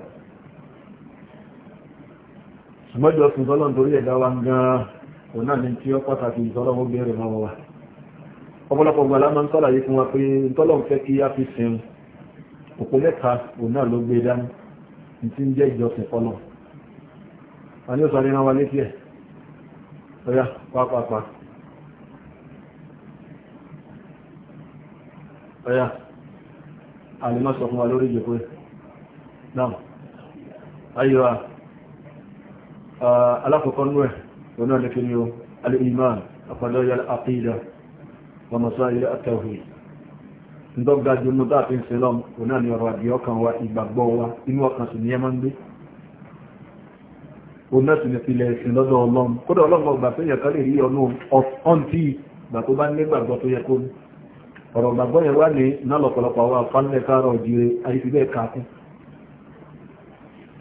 ṣùgbọ́n jọ sùn tọ́lọ́ nítorí ẹ̀dá wa gan-an òun náà ní tí ó pàtàkì ìtọ́lọ́ ó béèrè mọ́ wa. ọ̀pọ̀lọpọ̀ gbọ́dọ̀ máa ń tọ́lá yìí fún wa pé tọ́lọ́ ń fẹ́ kí á fi sin ọ̀yá àlèmọ́ sọ fún wa lórí ìjòkó náà ayíwa alákọ̀ọ́kọ́ nú ẹ̀ tó náà lẹ́kẹ́ ni ó al'iman àpàlọ́yà àpíìdà wa masáyà àtàwì ndọ́gba jù mú dáàfin sílọ́m tó náà ni ọ̀rọ̀ àdì ọkàn wa ìgbàgbọ́ wa inú ọkàn sì ní ẹ máa ń gbé òun náà sì ní filẹ̀ lọ́dọ̀ ọ̀rọ̀ gbàgbọ́ yẹn wá lè ná lọ̀pọ̀lọpọ̀ àwọn àfánilẹ̀ káàrọ̀ òjìrè àìfibẹ̀ kàákún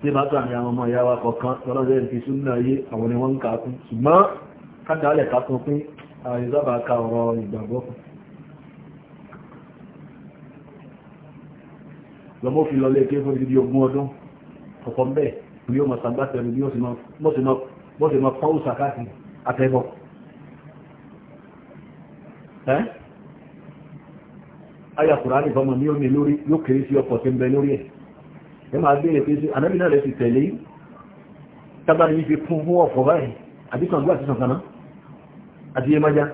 tí bá tó àmì àwọn ọmọ ìyá wa kọ̀ọ̀kan lọ́lọ́dẹ̀ ti súnmọ́ ayé àwọn ni wọ́n ń kàákún ṣùgbọ́n kádàálẹ̀ kàákún pín àwọn ìsábà ka ọ̀rọ̀ ìgbàgbọ́ lọ́mọ fi lọlé ké fún ibi ogún ọdún ọ̀pọ̀ mbẹ́ bí ó mọ̀sán bá tẹ̀lú bí ó sì mọ̀ pọ́ùsà káàkiri àtẹ́bọ̀ ayà kùránì fọmọ ní omi lórí yóò kéré sí ọkọ̀ tí ń bẹ lórí ẹ̀ ẹ máa gbé èpè sí anábì náà rẹ̀ sì tẹ̀lé tábàrí yìí fi kún fún ọ̀pọ̀ báyìí àti sàngó àti sàngánná àti yẹmájá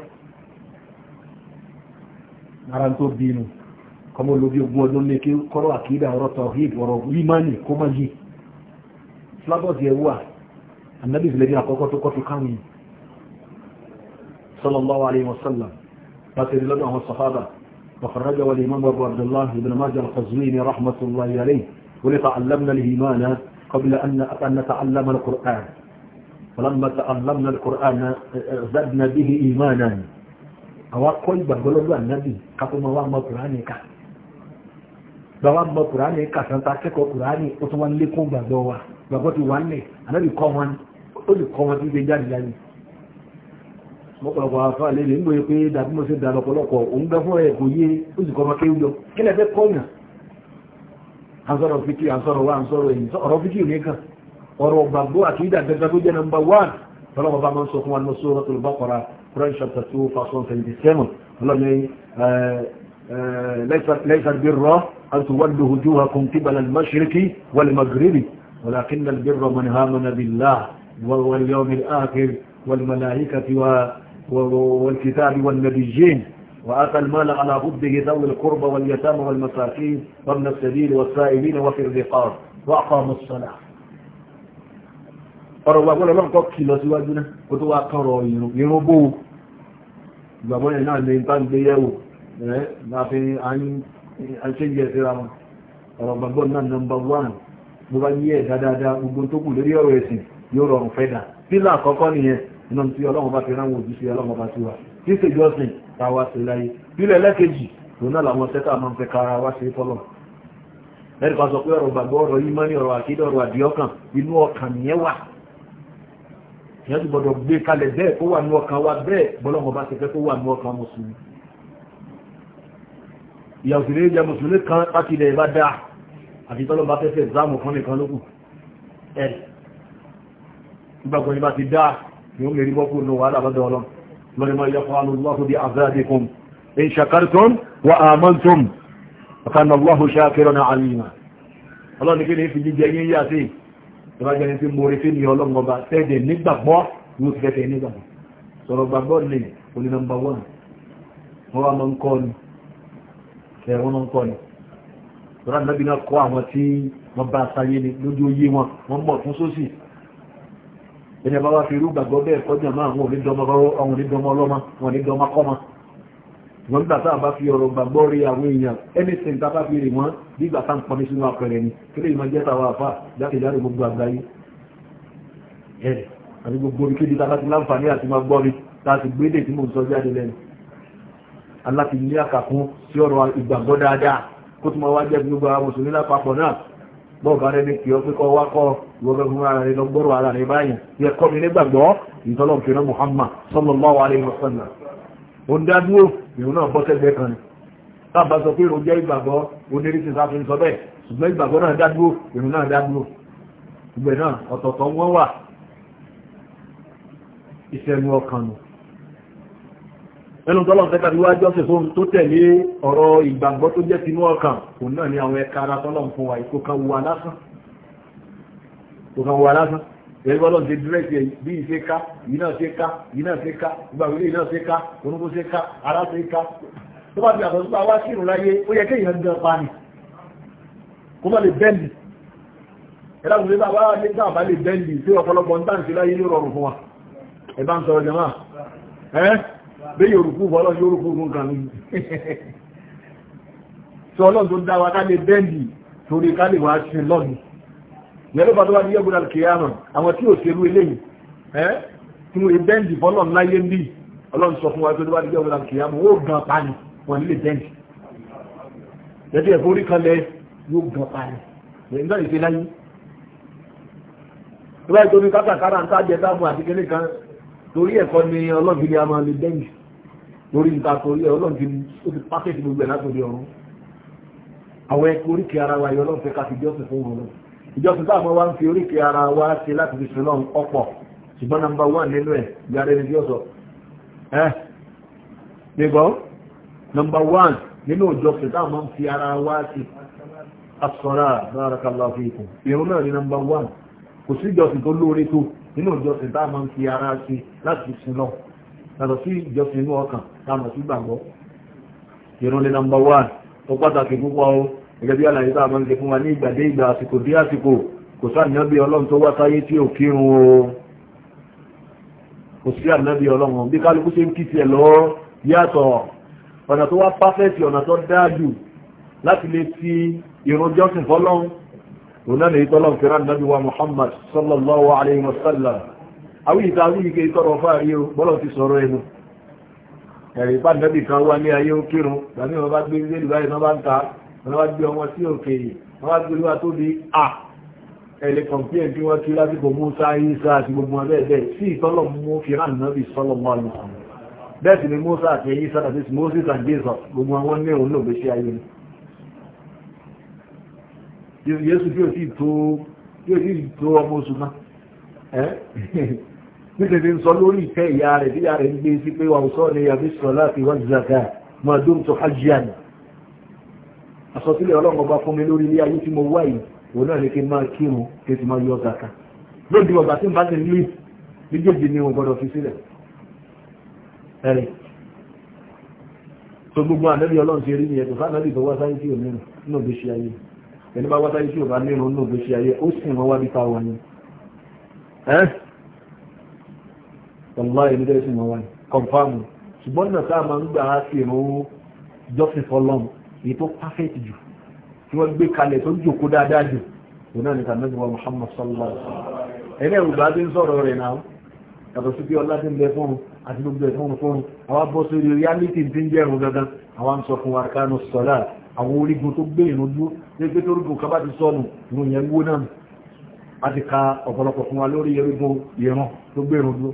ara tó bí inú kọmọ lóbi ogun ọdún ní kí kọ́rọ̀ àkídà ọ̀rọ̀ tọ̀hìd ọ̀rọ̀ ìmánì kó má yìí flabọ́sì ẹ̀wà annabi ìfìlẹ̀ ní àkọ́kọ́ tó kọ́ tó káwọn sallallahu alaihi wasallam bá فخرج الامام أبو عبد الله بن ماجه القزويني رحمة الله عليه ولتعلمنا الإيمان قبل أن نتعلم القرآن فلما تعلمنا القرآن آه، آه، زدنا به إيمانا أواقل بغلو النبي كفو موام قرآني كا موام قرآني كا سنتاكيكو قرآني أتوان لكم بغلوة بغلوة واني أنا بي قوان أولي قوان بي mọ́pọ̀lọpọ̀ afá lè lè ń gbé pé dàbí mo ṣe dà lọ́pọ̀lọpọ̀ òun gbẹ́ fún ẹ̀ kò yé ó sì kọ́mọ kéwú lọ kí lẹ fẹ́ kọ́yàn àǹsọ̀rọ̀ fíkì àǹsọ̀rọ̀ wa àǹsọ̀rọ̀ èyí ọ̀rọ̀ fíkì òní kan ọ̀rọ̀ gbàgbọ́ àti ìdà gẹ́gẹ́ tó jẹ́ nọmba wán ọlọ́pàá bá máa ń sọ fún wa ní Suratul Baqara Quran chapter two verse one seventy seven ọlọ́ni laysa والكتاب والنبيين وآتى المال على غده ذوي القربة واليتام والمساكين وابن السبيل والسائبين وفي الرقاب وأقام الصلاة أروا أقول لهم قتل سواجنا قلت وأقروا ينبوه يقول لنا أن ينطان بيهو ما في عن عن شيء يسيرهم أروا أقول لنا نمبوان مبنية دادا دا وقلتوا كل ريو يسين يورو فيدا بلا قطانية iná tí ọlọ́run bá fi ránwọ̀ òjíṣẹ́ ọlọ́run bá ti wà kí ṣe jọ́sìn tàwa sí láyé nílẹ̀ lẹ́kẹ̀jì lòun náà làwọn sẹ́tà máa ń fẹ́ kára wá ṣe fọ́lọ̀ ẹ̀rìkà sọ pé ọ̀rọ̀ gbàgbọ́ ọ̀rọ̀ yìí mọ́ni ọ̀rọ̀ àkídọ̀ ọ̀rọ̀ àdìọ́kàn inú ọkàn nìyẹn wà ìyẹn ti gbọdọ̀ gbé kalẹ̀ bẹ́ẹ̀ kó wà ní ọkàn wa bẹ́ẹ̀ bọ́lọ́mọ bá ti fẹ́ kó wà ní ọkàn mùsùlùmí ìyàwó sì jẹ mùsùlùmí kan pàtìlẹ̀ ìbá dáa àti tọ́lọ́mọ bá fẹ́ fẹ́ záàmù fún nìkan lókù ẹ̀rì ìgbàgbọ́ ìbá ti dáa yóò lè rí bọ́kú lọ wà lábọ́dọ̀ ọlọ́ lọ́rin máa yọ́kọ́ alùlọ́hù bí àzáàdìkún in ṣakartun wa amantum ọkànà allahu ṣakirun alima ọlọ́ni kí ni fi jíjẹ yín yá sí ìbájẹ́ ni ti mórí sí ní ọlọ́ngọba tẹ́jẹ̀ nígbàgbọ́ yóò ti fẹ́fẹ́ nígbàgbọ́ sọ̀rọ̀ gbàgbọ́ ni oní nọmba kọ́ àwọn tí wọ́n bá sáyé ni lójú oyé wọn wọ́n mọ̀ fún sósì ẹni bá wá fi irú gbàgbọ́ bẹ́ẹ̀ kọjá máa wọn ò ní dọmọ ọmọ ọlọ́mọ wọn ní dọmọ kọ́mọ wọn gbà tá a bá fi ọ̀rọ̀ gbàgbọ́ rí àwọn èèyàn ẹni sì ń tábà fi rè wọ́n nígbà tá à ń pọnmi sínú apẹ̀rẹ̀ ni kílè ìmọ̀ jẹ́ta wa fà jákèjádò gbogbo àgbáyé ẹ̀ àti gbogbo orí kéde tábà ti láǹfààní àti máa gbọ́ mi tá a sì tí mò ń sọ jáde lẹ́nu aláti ní àkàkún sí ọ̀rọ̀ ìgbàgbọ́ dáadáa kó tó máa wá jẹ́ gbogbo àwọn mùsùlùmí lápapọ̀ náà bọ́ọ̀bá rẹ̀ ní kí ọ pé kọ́ wá kọ́ ìwọ́gbẹ́ fún ara rẹ̀ lọ́gbọ́rọ̀ ara rẹ̀ báyìí yẹ kọ́ mi nígbàgbọ́ ìtọ́lọ̀ fìrán Muhammad sallallahu alaihi wasallam ó ń dádúró ìrún náà bọ́ sẹ́gbẹ́ kan ni tábà sọ pé ìrún jẹ́ ẹnu tọ́lọ̀ fẹ́ta bí wájọ́ sí fún tó tẹ̀lé ọ̀rọ̀ ìgbàgbọ́ tó jẹ́ tinú ọkàn kò náà ni àwọn ẹka ara tọ́lọ̀ fún wa ìkó kan wà lásán ẹ̀rí bọ́lọ̀ ṣe dírẹ́tì ẹ̀ bí i ṣe ká iná ṣe ká iná ṣe ṣe ká orúkú ṣe ká ara ṣe ká tó bá fi ni kó má lè bẹ́ẹ̀lì ẹ̀dá kùnú bá wá ní sáàbá lè bẹ́ẹ̀lì tí ọ̀pọ̀lọpọ̀ ń dáǹtì láyé ní rọrùn fún wa ẹ̀ bá ń bí yorùkú bọ́lọ́ yorùkú fún kan ní tí ọlọ́run tó dáwà ká lè bẹ́ẹ̀lì torí ká lè wá sí lọ́nù yẹ́lọ́pàá tó wá ní yẹ́gbọ́dà kìíyàmọ̀ àwọn tí ò ṣerú eléyìí ẹ́ ó gan pani wọn nílé bẹ́ẹ̀lì jẹ́jẹ́ ìforí kanlẹ̀ pani nígbà ìṣe láyé tó bá ìtorí kátàkárà ń tájẹ táàmù àti kéré kan torí ẹ̀kọ́ ni ọlọ́gbìn ni a máa lè bẹ́ẹ̀lì lórí ìta torí ẹ̀ ọlọ́run ti ní ó ti pákẹ́tì gbogbo ẹ̀ látòdì ọ̀run àwọn ẹ̀kọ́ oríkèé ara wa yọ ọlọ́run fẹ́ ká fi jọ́sìn fún wọn ìjọsìn tá àwọn wa ń fi oríkèé ara wa ṣe láti fi sin náà ọ̀pọ̀ ṣùgbọ́n nàmbà wà nínú ẹ̀ yàrá ẹni tí ó sọ ẹ́ nígbọ́ nàmbà wà nínú ìjọsìn tá àwọn fi ara wa ṣe asọ́ra barakallahu fikum ìrún náà ní nàmbà wà kò sí ìjọsìn tó lóore tó nínú ìjọsìn tá àwọn fi ara ṣe láti fi sin yàtọ̀ sí ìjọsìn inú ọkàn táàmà sí gbàgbọ́ ìrún lè nọmbà wà ó pàtàkì púpọ̀ o gẹ́gẹ́ bí àlàyé tá a máa ń ṣe fún wa ní ìgbàdé ìgbà àsìkò dé àsìkò kò sí ànábì ọlọ́run tó wá sáyé tí ò kírun o kò sí ànábì ọlọ́run bí kálukú ṣe ń kí tiẹ̀ lọ yàtọ̀ ọ̀nà tó wá páfẹ́ẹ̀tì ọ̀nà tó dáájú láti lè fi ìrún jọ́sìn fọ́lọ́run òun náà lè tọ́lọ́ Muhammad sallallahu alayhi wa àwọn ìta ní ike tọrọ fáàrí o bọ́lọ̀ ti sọ̀rọ̀ ẹnu ẹ̀rì pàdébì kan wá ní ayé ó kírun tàbí wọn bá gbé ilé ìbáyé náà bá ń ta wọn bá gbé ọmọ sí òkè yìí wọn bá gbé olúwa di a ẹ̀lẹ́ kọ̀m̀píẹ̀ tí wọ́n kí Musa Isa àti gbogbo ọ̀bẹ́ẹ̀bẹ́ sí ìtọ́lọ̀ mú fi hàn náà bí sọ́lọ̀ mọ́ Musa àti Isa àti Moses and Jesus gbogbo wọn ní òun lògbé sí ayé sì tó ọmọ oṣù náà nítorí ń sọ lórí ìfẹ́ ìyá rẹ̀ bí ìyá rẹ̀ ń gbé sí pé wà ó sọ ní yàbí sọ láti wá zaka máa dóhùn tó hajjian àsọsílẹ̀ ọlọ́run ọba fún mi lórí ilé ayé tí mo wá yìí náà ní kí máa kírun kí ti máa yọ zaka lóde ọgbà tí n bá ti ń méjèèjì ni wọn gbọdọ̀ fi sílẹ̀ ẹ̀rì tó gbogbo ànábì ọlọ́run ti rí ni ẹ̀dùn fáànàbì tó wá sáyé tí ò nínú náà bí ṣe ayé ẹni bá wá sáyé tí ò bá nínú náà bí ṣe ayé ó sì wọn wá bí táwọn ni wàláhì ní tẹ́lẹ̀ sí mọ́ wáyé kọ̀nfàmù ṣùgbọ́n náà sáà máa ń gbà á sí ìrún jọ́sìn fọlọ́m èyí tó perfect jù tí wọ́n gbé kalẹ̀ tó jòkó dáadáa jù òun náà ní tàbí wa Muhammad sallallahu alaihi wa sallam ẹ̀rẹ́ ìrùbá ti ń sọ̀rọ̀ rẹ̀ náà yàtọ̀ sí pé ọlá ti ń bẹ fún un àti gbogbo ẹ̀ fún un fún un àwa bọ́ sórí reality ti ń jẹ́ ìrùn gangan àwa ń sọ fún wa kánú sọ̀lá àwọn orígun tó gbé ìrùn dúró pé tó rúgun kan ti sọnù ìrùn yẹn wó náà a ti ka ọ̀pọ̀lọpọ̀ fún wa lórí orígun ìrùn tó gbé ìrùn dúró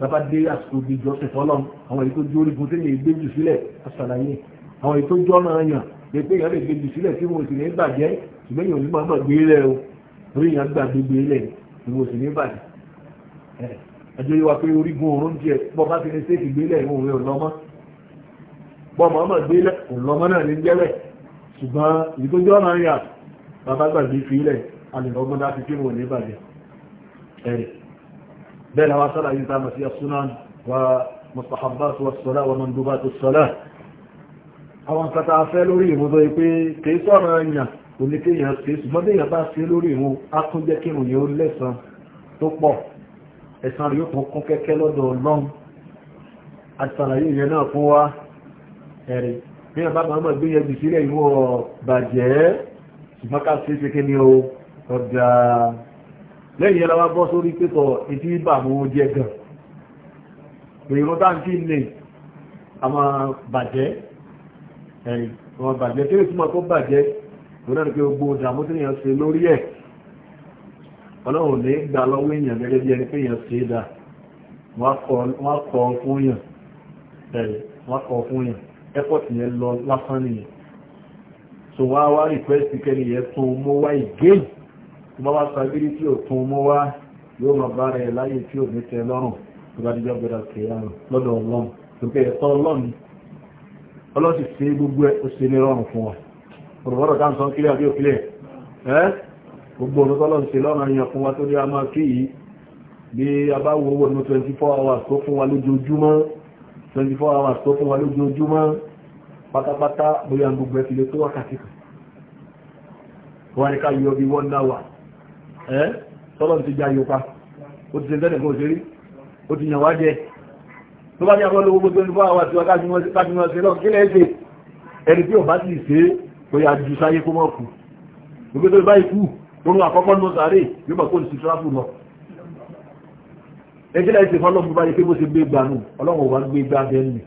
bàbá dé àsìkò bí ìjọsìn fọ́lọ́m àwọn èyí tó jó orígun tí èyí gbé jù sílẹ̀ àṣàlàyé àwọn èyí tó jọ́nà yàn lè pé èèyàn lè gbé jù sílẹ̀ tí wọn ò sì ní bàjẹ́ ṣùgbọ́n èèyàn onímọ̀ náà gbé rẹ̀ o orí èèyàn gbà gbégbé rẹ̀ ni wọn ò sì ní bàjẹ́ ẹjọ́ yìí wá pé orígun òórùn jẹ bọ́ bá ti ní sí ìgbélẹ̀ òun rẹ̀ ọ̀lọ́mọ bọ́ màmá gbélẹ̀ ọ̀lọ́mọ náà ní jẹ́lẹ̀ ṣùgbọ́n èyí tó jọ́nà yàn bàbá gbàgbé fi ilẹ̀ alẹ́ ọgbọ́n láti fi wọn ò ní bàjẹ́ ẹ̀rẹ̀ بين وصل أن تام في السنن ومستحبات والصلاة ومندوبات الصلاة àwọn kata afẹ́ lórí ìrun tó ipé kìí sọ́rọ̀ ẹ̀yàn kò ní kí èyàn kìí ṣùgbọ́n bí èyàn bá ṣe lórí ìrun á tún jẹ́ kí ìròyìn ó lẹ́san tó pọ̀ ẹ̀san rí yóò tún kún kẹ́kẹ́ lọ́dọ̀ ọlọ́run àtàlàyé ìyẹn náà fún wa ẹ̀rì bí èyàn bá máa mọ̀ gbéyẹn jù sílẹ̀ ìwọ̀ bàjẹ́ ṣùgbọ́n ká ṣe é ṣe kí ni ó ọjà lẹ́yìn ẹlọ́wà bọ́ sórí pẹ́tọ̀ ìtí bà mọ́ jẹ gan ìrún táǹkì ní àmà bàjẹ́ ẹ̀yìn àwọn bàjẹ́ tí ó túnmọ̀ tó bàjẹ́ lórí pé gbogbo ìdàmú tí èèyàn ṣe lórí ẹ̀ ọlọ́run ní gbà lọ́wọ́ èèyàn gẹ́gẹ́ bí ẹni pé èèyàn ṣe dà wọ́n kọ fún èèyàn airport yẹn lọ so wá wá request kẹ́ni yẹn tún mọ́ wá ìgéyìí bá wá sagiri tí ò tún mú wá yóò máa bá rẹ̀ láyé tí ò ní tẹ lọ́rùn tó bá díjọ́ gbọ́dọ̀ kẹyàrùn lọ́dọ̀ ọlọ́run tó kẹ́ ẹ̀tọ́ ọlọ́run ọlọ́sì sí gbogbo ẹ̀ ó ṣe ní rọrùn fún wa ọ̀rọ̀bọ̀rọ̀ dáhùn sọ kílẹ̀ àbí òkílẹ̀ ẹ́ gbogbo ọ̀rọ̀ tọ́lọ́ ṣe lọ́rùn ẹ̀yàn fún wa tó ní a máa kí yìí bí a bá wo owó ní 24 hours tó fún wa lójoojúmọ́ 24 hours tó fún wa lójoojúmọ́ pátápátá bóyá gbogbo ẹ̀ fi lè tó wákàtí kan wọ́n ní ká yọ bí wọ́n náà wà ẹ́ tọ́lọ́ ti já yópa ó ti tẹ́lẹ̀ kan òṣèré ó ti yàn wá jẹ tó bá ní àwọn olówó gbogbo ní fáwọn àti wákàtí wọn ṣe lọ kílẹ̀ ṣe ẹni tí ò bá sì ṣe kò yà ju sáyé kó mọ̀ kù gbogbo tó bá ikú orun àkọ́kọ́ ní sàárè yóò bá kó ní sí tíráfù lọ ẹgbẹ́ ìṣe fọlọ́mù bá yẹ pé bó ṣe gbé gbanú ọlọ́run wà gbé gbá bẹ́ẹ̀lì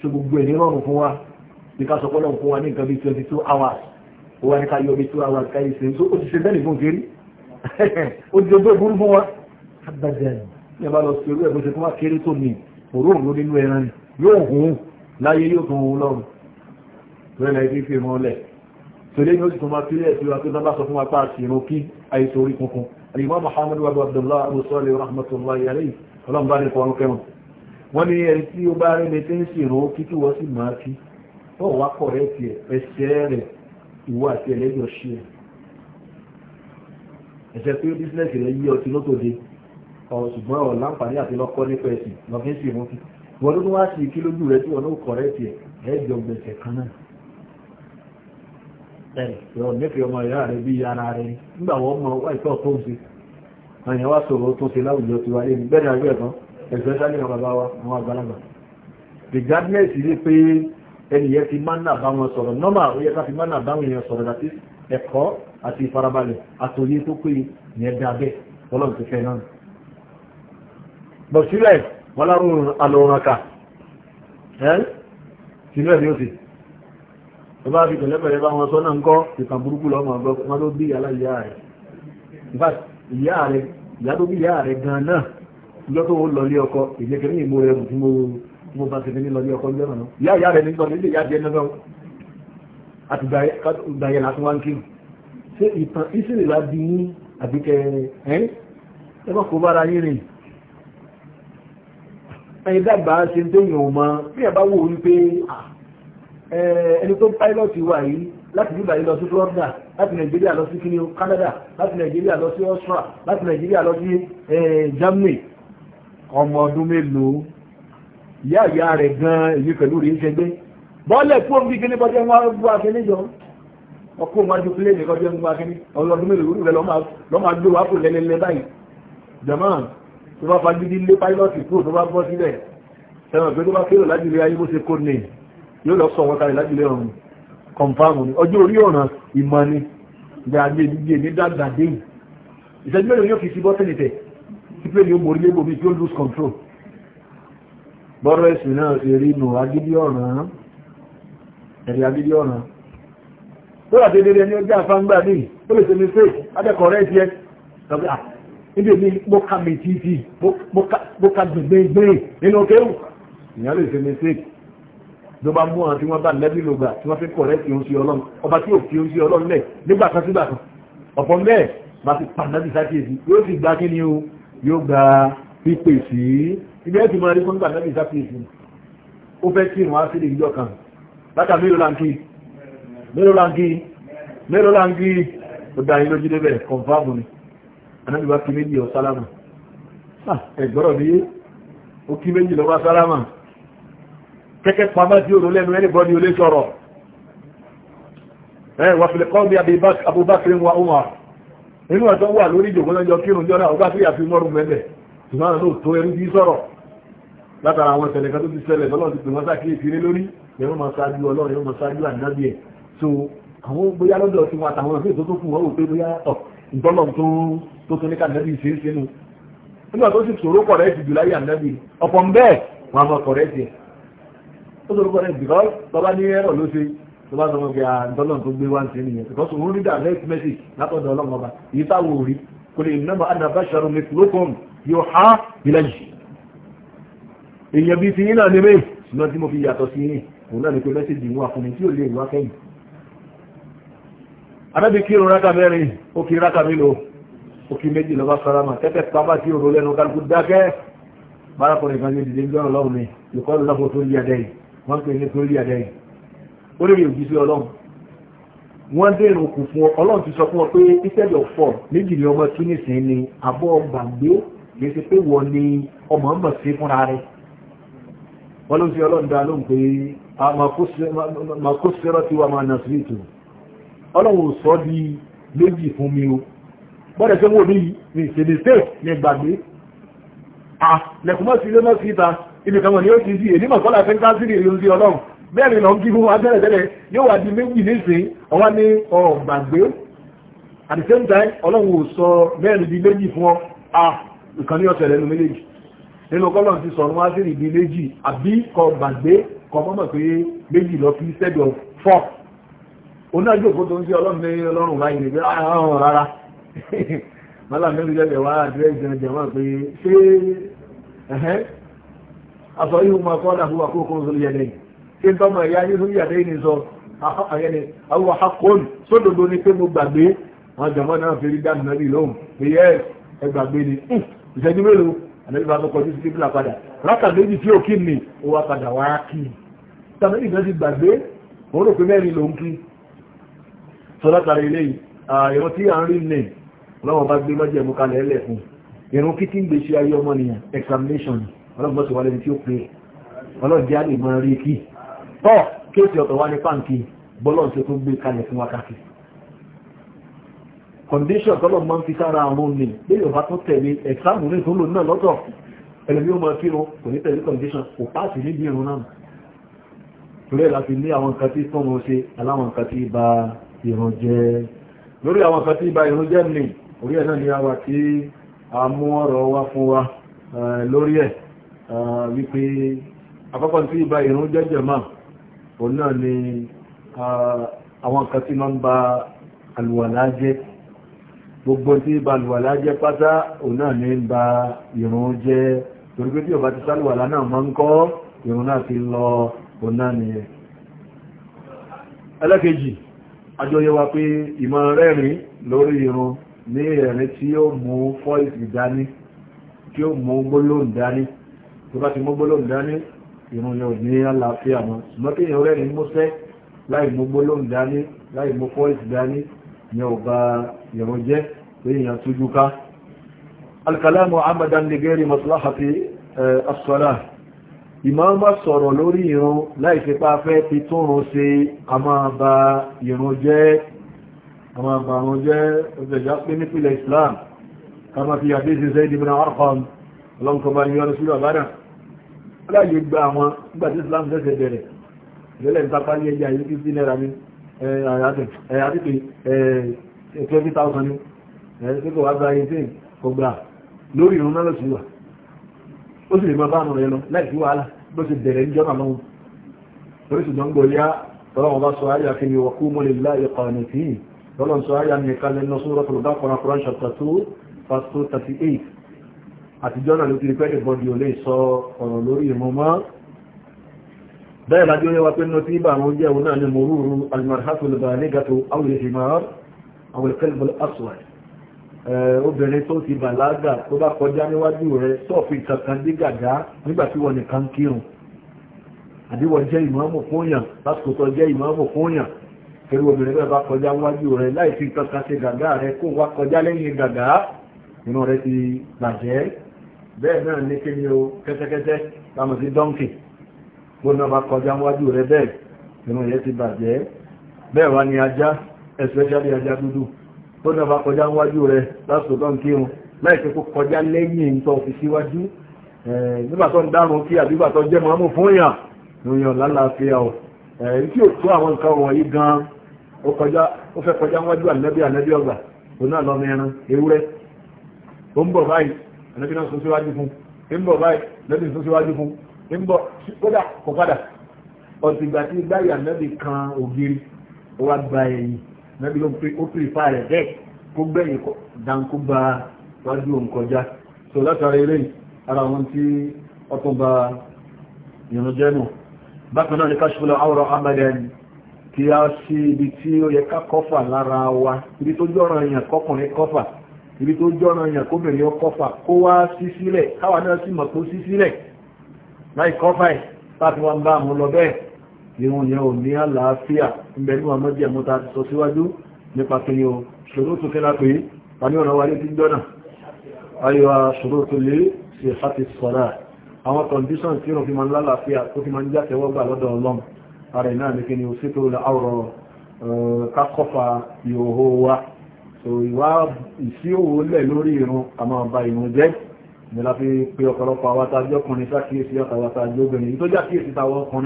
ṣe gbogbo ẹ̀ ní rọrùn fún wa bí ká sọ fọlọ́mù fún wa ní nǹkan bí 22 hours ó wá ní ká yọ bí 2 hours ká yẹ ṣe ó ti ṣe bẹ́ẹ̀lì fún kiri ojúdójú burú fún wa agbájá ní ẹbá lọ sí orí ẹ̀bùn ṣekún wá kéré tó ní òróòrùn ló nínú ẹran yóò hùn láyé yóò tún hùn lọ́rùn rẹ̀lẹ̀ ibi fi hàn lẹ̀ tòlé ní ó sì tún máa kílẹ̀ sí wa tó dábà sọ fún wa pàà sí ìrókí àìsàn orí kunkun àlìmọ́ Muhammad wa Abdullah Abu Salih rahmatullahi alayhi ọlọ́run bá ní kọ́ ọrún kẹwọn wọ́n ní ẹni tí ó bá rí mi tí ń sì kí tí wọ́n sì máa kí tó wá kọ̀ rẹ̀ tiẹ̀ ẹsẹ̀ rẹ̀ ìwọ àti ẹlẹ́jọ́ ṣe ẹ̀sẹ̀ pé bísínẹ́sì rẹ̀ yí ọtí lótòde ṣùgbọ́n ọ̀ láǹfààní àti lọ́kọ́ nípa ẹ̀sìn lọ́fíì sí ìmú wọn ló wá sí kí lójú rẹ tí wọn ó kọrẹ tiẹ ẹjọ gbèsè kan náà ẹ yọ nífẹ̀ẹ́ ọmọ ìyá rẹ bí ara rẹ nígbà wọn mọ wá ìtọ́ tó ń ṣe àyàn wá sọ̀rọ̀ tó ṣe láwùjọ tiwa lé ní bẹ́ẹ̀ ni àgbẹ̀ kan ẹ̀sẹ̀ sálẹ̀ àwọn bàbá wa àwọn regardless rí pé ẹnìyẹn ti máa ń nà bá wọn sọ̀rọ̀ nọ́mà ó yẹ ká fi máa àti ìfarabalẹ̀ àtòyé tó pé yẹn dábẹ́ ọlọ́run ti fẹ́ náà bọ̀ sílẹ̀ wọ́n ẹ́ sílẹ̀ ni ó sì tó bá fi pẹ̀lẹ́pẹ̀lẹ́ bá wọn sọ́nà ńkọ́ ìtàn burúkú lọ́mọ ọgbọ́n wọn ló bí ìyá ìyá rẹ̀ ìyá rẹ̀ ìyá tó bí ìyá rẹ̀ gan náà lọ́ tó lọ lé ọkọ ìjẹ́kẹ̀rẹ́ ìmú rẹ̀ mú mo bá tẹ̀lé lọ lé ọkọ lọ́nà ìyá ìyá rẹ̀ nígbà nílé ìyá jẹ́ náà àti ìgbà yẹn láti wá ń kírun ṣé ìtàn ìsìlè la di ní àbíkẹrin ẹ́ ẹ má kó bára yín rìn ẹ̀yin dàgbà ṣe ń tẹ́yìn ò mọ bí ẹ bá wò wípé ẹni tó pilot wà yìí láti bíbà yìí lọ sí Florida láti Nàìjíríà lọ sí kíní Canada láti Nàìjíríà lọ sí Austria láti Nàìjíríà lọ sí Germany ọmọ ọdún mélòó ìyá ìyá rẹ̀ gan-an èyí pẹ̀lú rèé ṣẹgbẹ́ bọ́ọ̀lẹ̀ fún omi kíní bọ́jẹ́ wọn bú afẹ́lẹ́jọ́ ọkọ̀ máa ju pílẹ̀nì kọjọ́ ń gbá kíní ọlọ́dún mélòó rẹ̀ lọ máa gbé wápò lẹ́lẹ́lẹ́ báyìí jẹ̀mọ́n tó bá fagídí lé pilot kúrò tó bá bọ́ sílẹ̀ ẹ̀wọ̀n pé tó bá fẹ́rọ̀ lájúlé ayé bó ṣe kó ní yóò lọ sọ wọn kalẹ̀ lájúlé ọ̀run kọ̀ǹfàmù ni ọjọ́ orí ọ̀ràn ìmọ̀ ni gbàgbé gbígbé ní dàgbà dé ìṣẹ́jú mélòó yóò fi sí bọ́tẹ́nì tẹ̀ tí pé ní ó borí lébò mi tí ó lose control bọ́rọ̀ ẹ̀sìn náà ṣe rí nù agídí ọ̀ràn ẹ̀rí agídí ọ̀ràn tó wà dédé ẹni ọjọ́ àfáǹgbà ní ó lè tẹ̀lé fèk adẹ́kọ̀ọ́ rẹ̀ jẹ́ níbi ní mọ́ká mẹ́tìtì mọ́ká gbẹ̀gbẹ̀ nínú kéwù ìyá lè tẹ̀lé fèk ló bá mú àwọn tí wọ́n bá lẹ́bí lògbà tí wọ́n fi kọ̀rẹ́ tí ó ń sí ọlọ́run ọba tí ò fi ó ń sí ọlọ́run lẹ̀ nígbà kan sígbà kan ọ̀pọ̀ mẹ́ẹ̀ máa fi pàdánù sákèsí yóò sì gba kí ni o yóò gba pípè sí ibi ẹ̀ tí máa rí fún pàdánù sákèsí ó fẹ́ kírun á sí ìjọ kan látàmí láǹkì mélòó láńgí mélòó láńgí ọ̀dá ilé ojú débẹ̀ kọ̀nfàmù ni anábìbá kí méjì ọ sálámà ah, ẹgbọ́rọ̀ ní ó kí méjì lọ bá sálámà kẹ́kẹ́ pamá tí òrò lẹ́nu ẹnìbọ́dí olé sọ̀rọ̀ ẹ wà fìlẹ̀ kọ́ bí Abubakar wa Umar inú ẹ̀tọ́ wà lórí ìjòkó lọ́jọ́ kírun jọ́nà ọgbà sí àfi mọ́rùn mẹ́lẹ̀ ṣùgbọ́n ló tó ẹrú bí sọ̀rọ̀ látara àwọn ìṣẹ̀lẹ̀ kan tó ti ṣẹlẹ̀ lọ́lọ́ ti pè wọ́n sákìyèsí lórí ẹ̀rọ máa ṣáájú Ọlọ́run ẹ̀rọ máa ṣáájú ànábì so àwọn bóyá lọ́dọ̀ tí wọ́n àtàwọn ọ̀fẹ́ tó tó fún wọn pé bóyá tọ̀ ìgbọ́lọ̀ tó tó ní kàdẹ́bì ṣe é sínú nígbà tó sì ṣòro kọ̀rẹ́ ti jù láyé àdẹ́bì ọ̀pọ̀ ń bẹ́ẹ̀ wọn àwọn kọ̀rẹ́ tiẹ̀ ó ṣòro kọ̀rẹ́ bìkọ́ bàbá ní ẹ̀rọ ló ṣe tó bá sọmọ pé àdọ́lọ̀ tó gbé wá ń ṣe nìyẹn tó sọ orí dà next message látọ̀dọ̀ ọlọ́mọ ọba èyí táwọn ò rí kò lè nàmọ anabasharu mithlukum yóò há ilẹ̀ yìí èèyàn bíi anábì kírun rákà mẹ́rin ó kí rákà mílò ó kí méjì lọ́bá farama tẹ́tẹ́ pàápàá tí òru lẹ́nu kálukú dákẹ́ bárakùnrin kan yóò dìde gbọ́n ọlọ́run ni ìkọ́ ló lọ́kọ̀ tó rí adẹ́yìn wọ́n pè ní tó rí adẹ́yìn ó lè rí òjì sí ọlọ́run wọ́n dé irun kù fún ọ ọlọ́run ti sọ fún ọ pé instead of four méjì ni ọmọ tún nìsín ni abọ́ gbàgbé kì í ṣe pé wọ́n ni ọmọ ń bọ̀ sí fúnra rẹ̀ wọ́n ló ń ṣe ọlọ́run dá lóhùn pé màkó sẹ́rọ̀ tí wàá máa nà sí ìtòun ọlọ́run sọ di méjì fún mi o bọ́dẹ̀ tí wọ́n ní ní ìṣèlèsè ní gbàgbé àlẹ̀kùnmọ́ sí ilé náà sí ìta ibi kan wọ̀n ni ó ti sí èdè mọ̀kọ́lá fẹ́ ká sí ìrìn sí ọlọ́run mẹ́rin lọ ń kí fún abẹ́rẹ̀bẹ́rẹ̀ yóò wà di méjì nísìn ọwá ní ọ̀gbàgbé at the same time ọlọ́run ò sọ mẹ́rin di méjì fún ọ à nǹkan ní ọ̀sẹ̀ lẹ́nu méjèèjì nínú kọ́lọ̀ ti sọ̀rọ̀ wá sí ìdí méjì àbí kọ gbàgbé kọ mọ́mọ̀ pé méjì lọ fi sẹ́dọ̀ fọ́ọ̀ onájòkó tó ń sí ọlọ́run ní ọlọ́run báyìí ní pé àwọn ah, oh, rárá mọ́lá mẹ́rin lẹ́bẹ̀ wá àdírẹ́sì ẹ̀jẹ̀ wọ́n pé ṣé ẹ̀hẹ́n àtọ́ yìí máa kọ́ dà fúwà kókó sórí ẹ̀dẹ̀ yìí ṣé ń tọ́mọ ẹ̀yà yìí sórí ẹ̀dẹ̀ yìí ni sọ àwọn akọ́n sódodo ni pé mo gbàgbé wọn jọmọ náà fi rí dáàmì náà rí lóhùn pé yẹ ẹ gbàgbé ni hmm, ìṣẹ́jú mélòó àlejò bá tó kọjú sí kíbla padà rákà méjì tí ò kí ni ó wá padà wá kí tàbí ìgbà ti gbàgbé òun rò pé mẹ́rin lòún kí tó látàrí ilé ìrún tí a ń rí nì lọ́wọ́ bá gbé lọ́jẹ̀ mú kalẹ̀ ẹlẹ̀ fún ìrún kí tí ń gbèsè ayé ọmọ nìyàn examination ọlọ́gbọ́n ti wà lẹ́ni tí ó pé ọlọ́jẹ́ àlè máa rí kí tọ́ kéèsì ọ̀tọ̀ wá ní pàǹkì bọ́lọ̀ ṣe tó gbé kalẹ̀ fún wákàtí condition tọ́lọ̀ máa ń fi sára àwọn omi lẹ́yìn ọba tó tẹ̀lé exam ní ìtòlò náà lọ́tọ̀ ẹlẹ́bí ó máa kírun kò ní tẹ̀lé condition kò páàsì níbi ìrún náà torí ẹ̀ láti ní àwọn nǹkan tí tọ́mọ ṣe aláwọn ìrùn jẹ́ lórí àwọn kan tí bá ìrùn ní orí ẹ̀ náà ni a wà tí a mú ọ̀rọ̀ wá fún wa lórí ẹ̀ wípé àkọ́kọ́ tí bá ìrùn jẹ́ máa òun náà ni àwọn kan tí máa ń ba àlùwàlá jẹ́ gbogbo tí ba àlùwàlá pátá òun náà ni ń ba ìrùn jẹ́ torí pé tí ó bá ti sálùwàlá náà máa ń kọ́ ìrùn ti lọ òun náà nìyẹn ẹlẹ́kejì àjọyẹ wa pé ìmọ̀ rẹ́rìn lórí irun ní ẹ̀rin tí ó mú fọ́ìsì dání tí ó mú gbólóhùn dání tó bá ti mú gbólóhùn dání irun yóò ní àlàáfíà mọ́ ṣùgbọ́n kí ìrìn rẹ́rìn músẹ́ láì mú gbólóhùn dání láì mú fọ́ìsì dání yẹn ò bá ìrun jẹ́ pé èèyàn tújú ká alkalamu amadan ligeri maslahati eh, as-salah ìmáàmà sọ̀rọ̀ lórí ìrun láìsepá fẹ́ ti túnrun ṣe a máa ba ìrun jẹ́ àwọn àbàrún jẹ́ ọjọ́já pé nípìlẹ̀ Islam kama fi àti ìsinṣẹ́ ìdìbìnà arkham ọlọ́nkọba ni yọ́rọ̀ sílọ̀ bára láyé gba àwọn nígbàtí Islam tẹ́sẹ̀ bẹ̀rẹ̀ ìrẹ́lẹ̀ ìtapá ní ẹjẹ́ àyíkí sí náírà ní àyàtìpé 20,000 ní ẹ̀ẹ́sẹ́kọ̀wà gba lórí ìrún náà lọ́sùwà ó sì lè máa bá àrùn rẹ lọ láì sí wàhálà bó ti bẹ̀rẹ̀ níjọ́ náà lọ́wọ́ torí ṣùgbọ́n gbọ́ yá ọlọ́run bá sọ ayé àfihàn ìwà kú mọ́lẹ̀ láì ọ̀nà tí ọlọ́run sọ ayé àmì ìkàlẹ̀ náà sọ́rọ̀ tó bá kọ́ra kọ́ra ṣàtà tó pàtó 38 àtijọ́ náà ló ti pẹ́ ìbọ̀dì ò lè sọ ọ̀rọ̀ lórí ìmọ̀ bẹ́ẹ̀ lájú yẹ wa pé nínú tí bàmú jẹ́ òun náà ni mòrúurú almarhatul balighatu aw al-himar aw obìnrin tó ti bàlágà tó bá kọjá níwájú rẹ̀ sọ́ọ̀fì kankan dé gàgá nígbàtí wọ́n nìkan kírun àdíwọ̀ jẹ́ ìmáàmù fúnyàn lásìkòtọ̀ jẹ́ ìmáàmù fúnyàn pẹ̀lú obìnrin bẹ́ẹ̀ bá kọjá níwájú rẹ̀ láìsí kankan ṣe gàgá rẹ̀ kó wá kọjá lẹ́yìn gàgá inú rẹ̀ ti bàjẹ́ bẹ́ẹ̀ náà ní kí ni o kẹ́tẹ́kẹ́tẹ́ lámọ̀ sí dọ́ǹkì gbóná bá kọjá níwájú rẹ̀ bẹ́ẹ̀ inú rẹ̀ ti bàjẹ́ bẹ́ẹ̀ wá ní ajá especially ajá dúdú tó náà bá kọjá níwájú rẹ̀ lásìkò tó ń kírun láìpẹ́ kó kọjá lẹ́yìn tó fi síwájú nígbà tó ń dárun kí àbígbà tó jẹ́ mọ́mú fún yàn lóyàn lálàáfíà ọ̀ èyí tí ó tó àwọn nǹkan wọ̀nyí gan ó fẹ́ kọjá níwájú ànẹ́bí ànẹ́bí ọgbà tó náà lọ́mọ ẹran ewúrẹ́ ó ń bọ̀ báyìí ànẹ́bí náà sún síwájú fún ń bọ̀ báyìí ànẹ́bí nàbí ó pèfà rẹ̀ bẹ́ẹ̀ kó gbẹ̀yìn dánkó bá wájú òun kọjá so látara eré ara wọn tí ọtún bá ìrànjẹ́ nù bákan náà ní káṣífúnlẹ̀ àwòrán amadẹ́ni kí a sí ibi tí ó yẹ ká kọ́fà lára wa ibi tó jọ́ràn èèyàn kọkùnrin kọ́fà ibi tó jọ́ràn èèyàn kóbìnrin kọ́fà kó wá sí sílẹ̀ káwa náà sì mọ̀ tó sí sílẹ̀ láì kọ́fà ẹ̀ láti wá ń bá àwọn lọ bẹ́ẹ̀ irun yẹn ò ní àlàáfíà ìbẹ̀ ní ọmọ jẹ́ mọ́ta sọ síwájú nípa kí ni o ṣòro tó kẹ́lá pé pàní ọ̀nà wáyé tí gbọ́nà ayọ́wà ṣòro tó lè ṣe fàtí sọ́lá àwọn kọndíṣọ́n tí wọ́n fi ma lálàáfíà tó fi ma ń lọ́dọ̀ ọlọ́m eh, so ìwà ìsí òwò lẹ̀ lórí irun àmọ́ ọba irun jẹ́ ni la fi pe ọ̀pọ̀lọpọ̀ àwọn atájọ́kùnrin sákìyèsí ọ̀tàwọn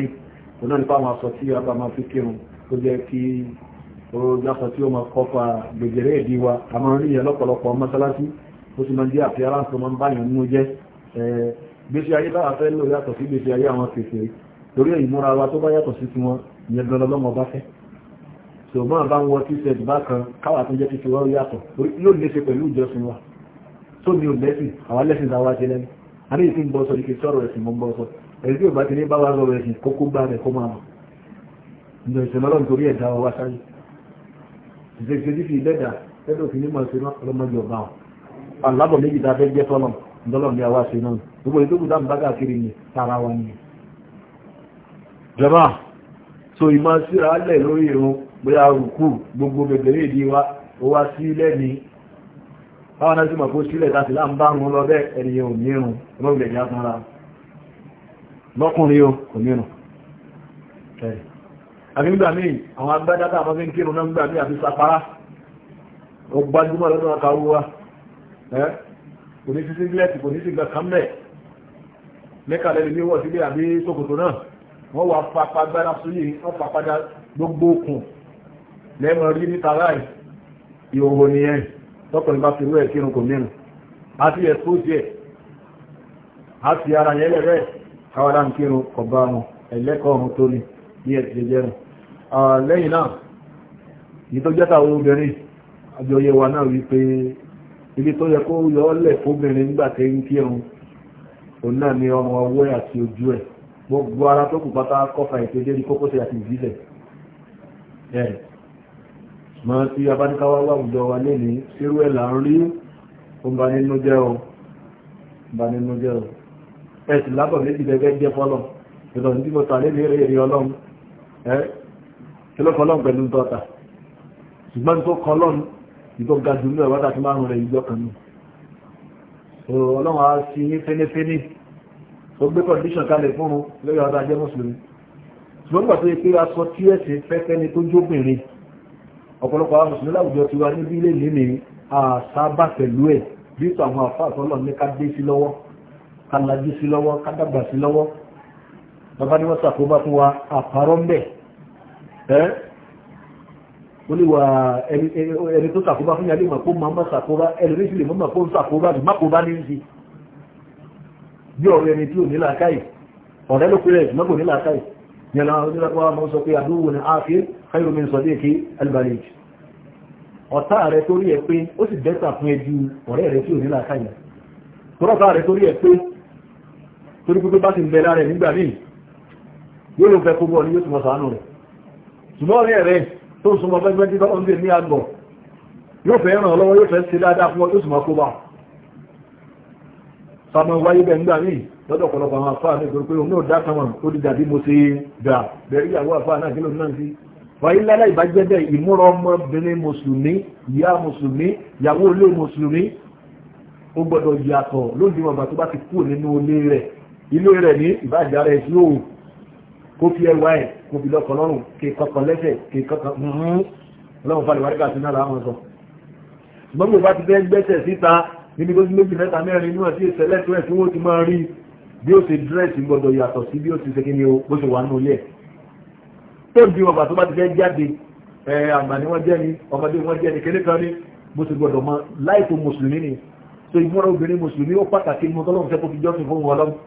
náà nípa àwọn aṣọ tí a bá máa fi kírun tó jẹ́ kí orójásọ tí ó máa kọ́pa gbègbèrè èdè wa a máa rí yẹn lọ́pọ̀lọpọ̀ mọ́sálásí ó sì máa jẹ́ àti aláǹsọ máa ń báyàn nínú jẹ́ gbèsè ayé bá fẹ́ lò yàtọ̀ sí gbèsè ayé àwọn kèfè torí ìmúra wa tó bá yàtọ̀ sí ti wọn ìyẹn gan lọ́mọ bá fẹ́ so máa bá ń wọ tí sẹ́ẹ̀dì bá kan káwà tó jẹ́ títí wọ́n yàtọ̀ yóò léṣe pẹ̀lú ìjọsìn wa tó ní ò lẹ́sìn àwọn lẹ́sìn làwọn a ní ìsìn bọ́ sọ ní kí sọ̀rọ̀ ẹ̀sìn mọ́ bọ́ ẹ̀rí ò bá ti ní bá wá rọrọ̀ ẹ̀sìn kókó bá rẹ̀ kó máa mọ̀ ìjọ ìṣẹ̀mọ́lọ́n torí ẹ̀dá wa sáyé ìṣẹ̀ṣẹ̀ tí fi lẹ́dà lẹ́dọ̀ fi nímọ̀ ṣe lọ́mọdé ọba ọ̀ alábọ̀ méjì tá a fẹ́ jẹ́ tọ́lọ̀ ńdọ́lọ̀ ní àwa ṣe náà gbogbo ètò ìdá mi káàkiri ni tara wa ni. jọba so ìmọ̀ síra lẹ̀ lórí irun bóyá rùkú gbogbo bẹ̀bẹ̀rẹ̀ èdè wa ó wá sí lẹ́ni báwọn náà sì mọ̀ kó sílẹ̀ tá a láǹbá ń lọ bẹ́ẹ̀ ẹni yẹn ò ní irun ọlọ́run lè ní lọ́kùnrin o kò nínú àgbígbà míì àwọn agbádáta àwọn fínkì ìrùn náà gbà ní àfi sapara ó gbájúmọ̀ lọ́dún akàrúwá kò ní sí síngilẹ́tì kò ní sí gbàkánlẹ̀ mẹ́kàlẹ́lì ní wọ́n sílé àbí ṣòkòtò náà wọ́n wà pàpà gbára sóyè wọ́n pàpàdà gbogbo okùn lẹ́mọ̀ rí níta láì ìhòhò nìyẹn tọkùnrin bá fi rú ẹ̀ kírun kò nínú àti ẹ̀ tó jẹ́ àti ara yẹn lẹ́rẹ́ẹ̀ káwà láń kírun ọba ọmọ ẹ̀lẹ́kọ̀ọ́ ọmọ tó ní bí ẹ̀ ti jẹ́rùn lẹ́yìn náà yìí tó jẹ́ta obìnrin àjọyẹ wa náà wípé ibi tó yẹ kó yọ ọ́lẹ̀ fóbìnrin nígbà tẹ́ ń kírun òun náà ni ọmọ ọwọ́ àti ojú ẹ̀ gbogbo ara tó kù pátá kọfà ìtẹ́jẹ́ ní kókósẹ̀ àti ìbílẹ̀ ẹ̀ mọ́ tí abáníkáwá wà wùdọ̀ wa lẹ́ni sírú ẹ̀ là ń rí ó ń ba ẹ̀sì lábọ̀ méjì gẹ́gẹ́ jẹ́ fọ́lọ̀ ìdọ̀n tí mo tà lé lérè èrè ọlọ́run ẹ́ kí ló kọlọ́n pẹ̀lú dọ́ta ṣùgbọ́n tó kọlọ́n ìtọ́ ga jù ní ẹ̀wọ́ tàbí márùn rẹ̀ ìjọ kan nù ọlọ́run á sí ní fínífíní tó gbé kọ̀díṣàn kalẹ̀ fún un lórí ọ̀dà jẹ́ mùsùlùmí ṣùgbọ́n nígbà tó yẹ pé aṣọ tí ẹ̀sìn fẹ́fẹ́ ni tó jóbìnrin ọ̀pọ̀lọpọ̀ àwọn mùsùlùmí láwùjọ ti wá níbi ilé ìlú ni àṣà bá pẹ̀lú ẹ̀ bí ìtàn àwọn àfáà tọ́lọ̀ ní ká dé sí lọ́wọ́ kalajú sí lọ́wọ́ kádàgbà sí lọ́wọ́ bàbá ni wọ́n sàkóbá fún wa àpárọ́ mbẹ̀ ẹ́ ó lè wà ẹni tó sàkóbá fún yàrá ìmọ̀ kó máa má sàkóbá ẹlòmí sì lè mọ́ mà kó ń sàkóbá bí mákòbá ní sí bí ọ̀rẹ́ ẹni tí ò ní làákàyè ọ̀rẹ́ ló pẹ́rẹ́ ìmọ̀ kò ní làákàyè yẹn láwọn onílàpá máa ń sọ pé àdúgbò ní ààfin káyọ̀ mi sọ déèké albalèjì ọ̀tá rẹ̀ torí ẹ̀ pé ó sì bẹ́tà fún ẹjú ọ̀rẹ́ rẹ̀ tí ò ní làákàyè tọ́lọ́tà torí pé bá ti ń bẹ lára ẹ̀ nígbà míì yóò ló fẹ́ kó bọ́ ní yóò túnmọ̀ sàánù rẹ̀ ṣùgbọ́n rẹ̀ rẹ̀ tó ń súnmọ́ fẹ́gbẹ́ tí bọ́n ní àgbọ̀ yóò fẹ́ ràn lọ́wọ́ yóò fẹ́ ṣe dáadáa fún ọ tó súnmọ́ kó bá sàmọ́ wáyé bẹ̀ nígbà míì dá kan wọn ó di dàbí mo ṣe gbà bẹ̀rẹ̀ ìyàwó afá náà kí ló náà sí wáyé lálẹ́ ìbájẹ́bẹ̀ ìmúra ọmọbìnrin mùsùlùmí ìyá mùsùlùmí ìyàwó ilé mùsùlùmí ó gbọ́dọ̀ yàtọ̀ lóde wọn bá tó bá ti kú nínú ilé rẹ̀ ilé rẹ̀ ní ìbájára ẹ̀ tí ó wù kó fi ẹwà ẹ̀ kó fi lọ́kọ̀ lọ́rùn kí kọkàn lẹ́sẹ̀ kí kọkàn mú lọ́wọ́ falẹ̀ wà nígbà tí náà láwọn sọ ṣùgbọ́n gbogbo bá ti fẹ́ gbẹ́sẹ̀ síta níbi tó ti méjì mẹ́ta mẹ́rin nínú àti ìṣẹ̀lẹ̀ tó ẹ̀ tí wọ́n ti máa rí bí ó ṣe dírẹ́sì gbọdọ̀ yàtọ̀ sí bí ó ti ṣe o bó ṣe wà nínú ilé ẹ̀ tó ń bí ọba tó bá ti fẹ́ jáde àgbà ni wọ́n jẹ́ ni ọmọdé wọ́n jẹ́ ni kéde kan ni bó ṣe gbọdọ̀ mọ láìpò mùsùlùmí ni so ìmúra obìnrin mùsùlùmí ó pàtàkì mọ́tọ́lọ́mùsẹ́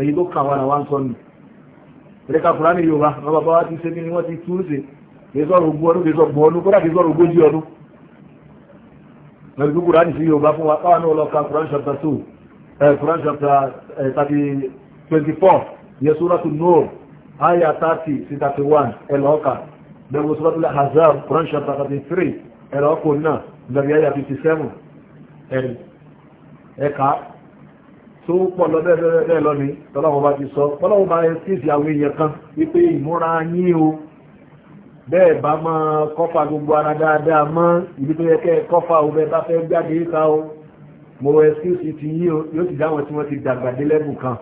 èyí tó kà wàrà wá ń sọ nù ẹ̀rẹ́ka kùránì yorùbá wọn bàbá wa ti ṣe ní wọ́n ti tú ṣe kìí sọ̀rọ̀ ogún ọdún kìí sọ̀rọ̀ ọdún kódà kìí sọ̀rọ̀ ogójì ọdún lọ́dún kùránì sí yorùbá fún wa káwọn náà lọ ka kùránì chapter two kùránì chapter thirty twenty four yẹ sóràtú nóòrù aya thirty sí thirty one ẹ lọ́ọ̀ka bẹ̀rù sóràtú hazard kùránì chapter thirty three ẹ lọ́ọ̀kọ̀ náà bẹ̀rù aya fifty seven ẹ̀ka tó pọ̀ lọ bẹ́ẹ̀ lọ ni tọ́lọ́wọ́ bá ti sọ tọ́lọ́wọ́ bá yẹ sí àwọn èèyàn kan wípé ìmúra yín o bẹ́ẹ̀ bá mọ́ kọ́fà gbogbo ara dáadáa mọ́ ibi tó yẹ kẹ́ kọ́fà o bẹ́ẹ̀ bá fẹ́ gbáde ìta o mo rọ ẹ̀sìsì ti yí o yóò ti dáwọn tí wọ́n ti dàgbà dé lẹ́bù kan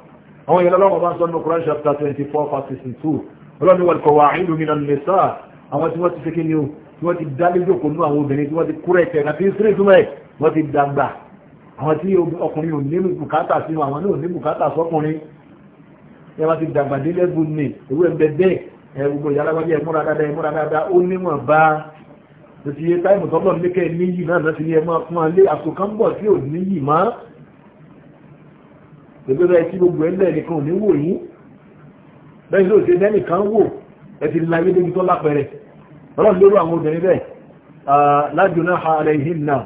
àwọn èèyàn lọ́wọ́ bá sọ ní Quran chapter twenty four verse sixty two ọlọ́ni wọ́n kọ̀ wá ìlú mi náà nìsá àwọn tí wọ́n ti fẹ́ kí ni o tí wọ́n ti dá lójókòó nú àwọn obìnrin tí wọ́n ti kúrẹ̀ tẹ̀ àti ìsírí ìtumẹ̀ wọ́n ti dàgbà àwọn tí ọkùnrin ò ní bùkátà sí àwọn náà ní bùkátà sọ́kùnrin ẹ bá ti dàgbà délé gùn ní ewu ẹgbẹ́ bẹ́ẹ̀ ẹ gbogbo ìyá alágbájá ẹ múra dáadáa ẹ múra dáadáa ó níwọ̀n bá ti yé táìmù tọ́lọ̀ níkẹ́ níyì náà lọ́sí ní ẹmọ́ fún alé bọ̀ tí ò ní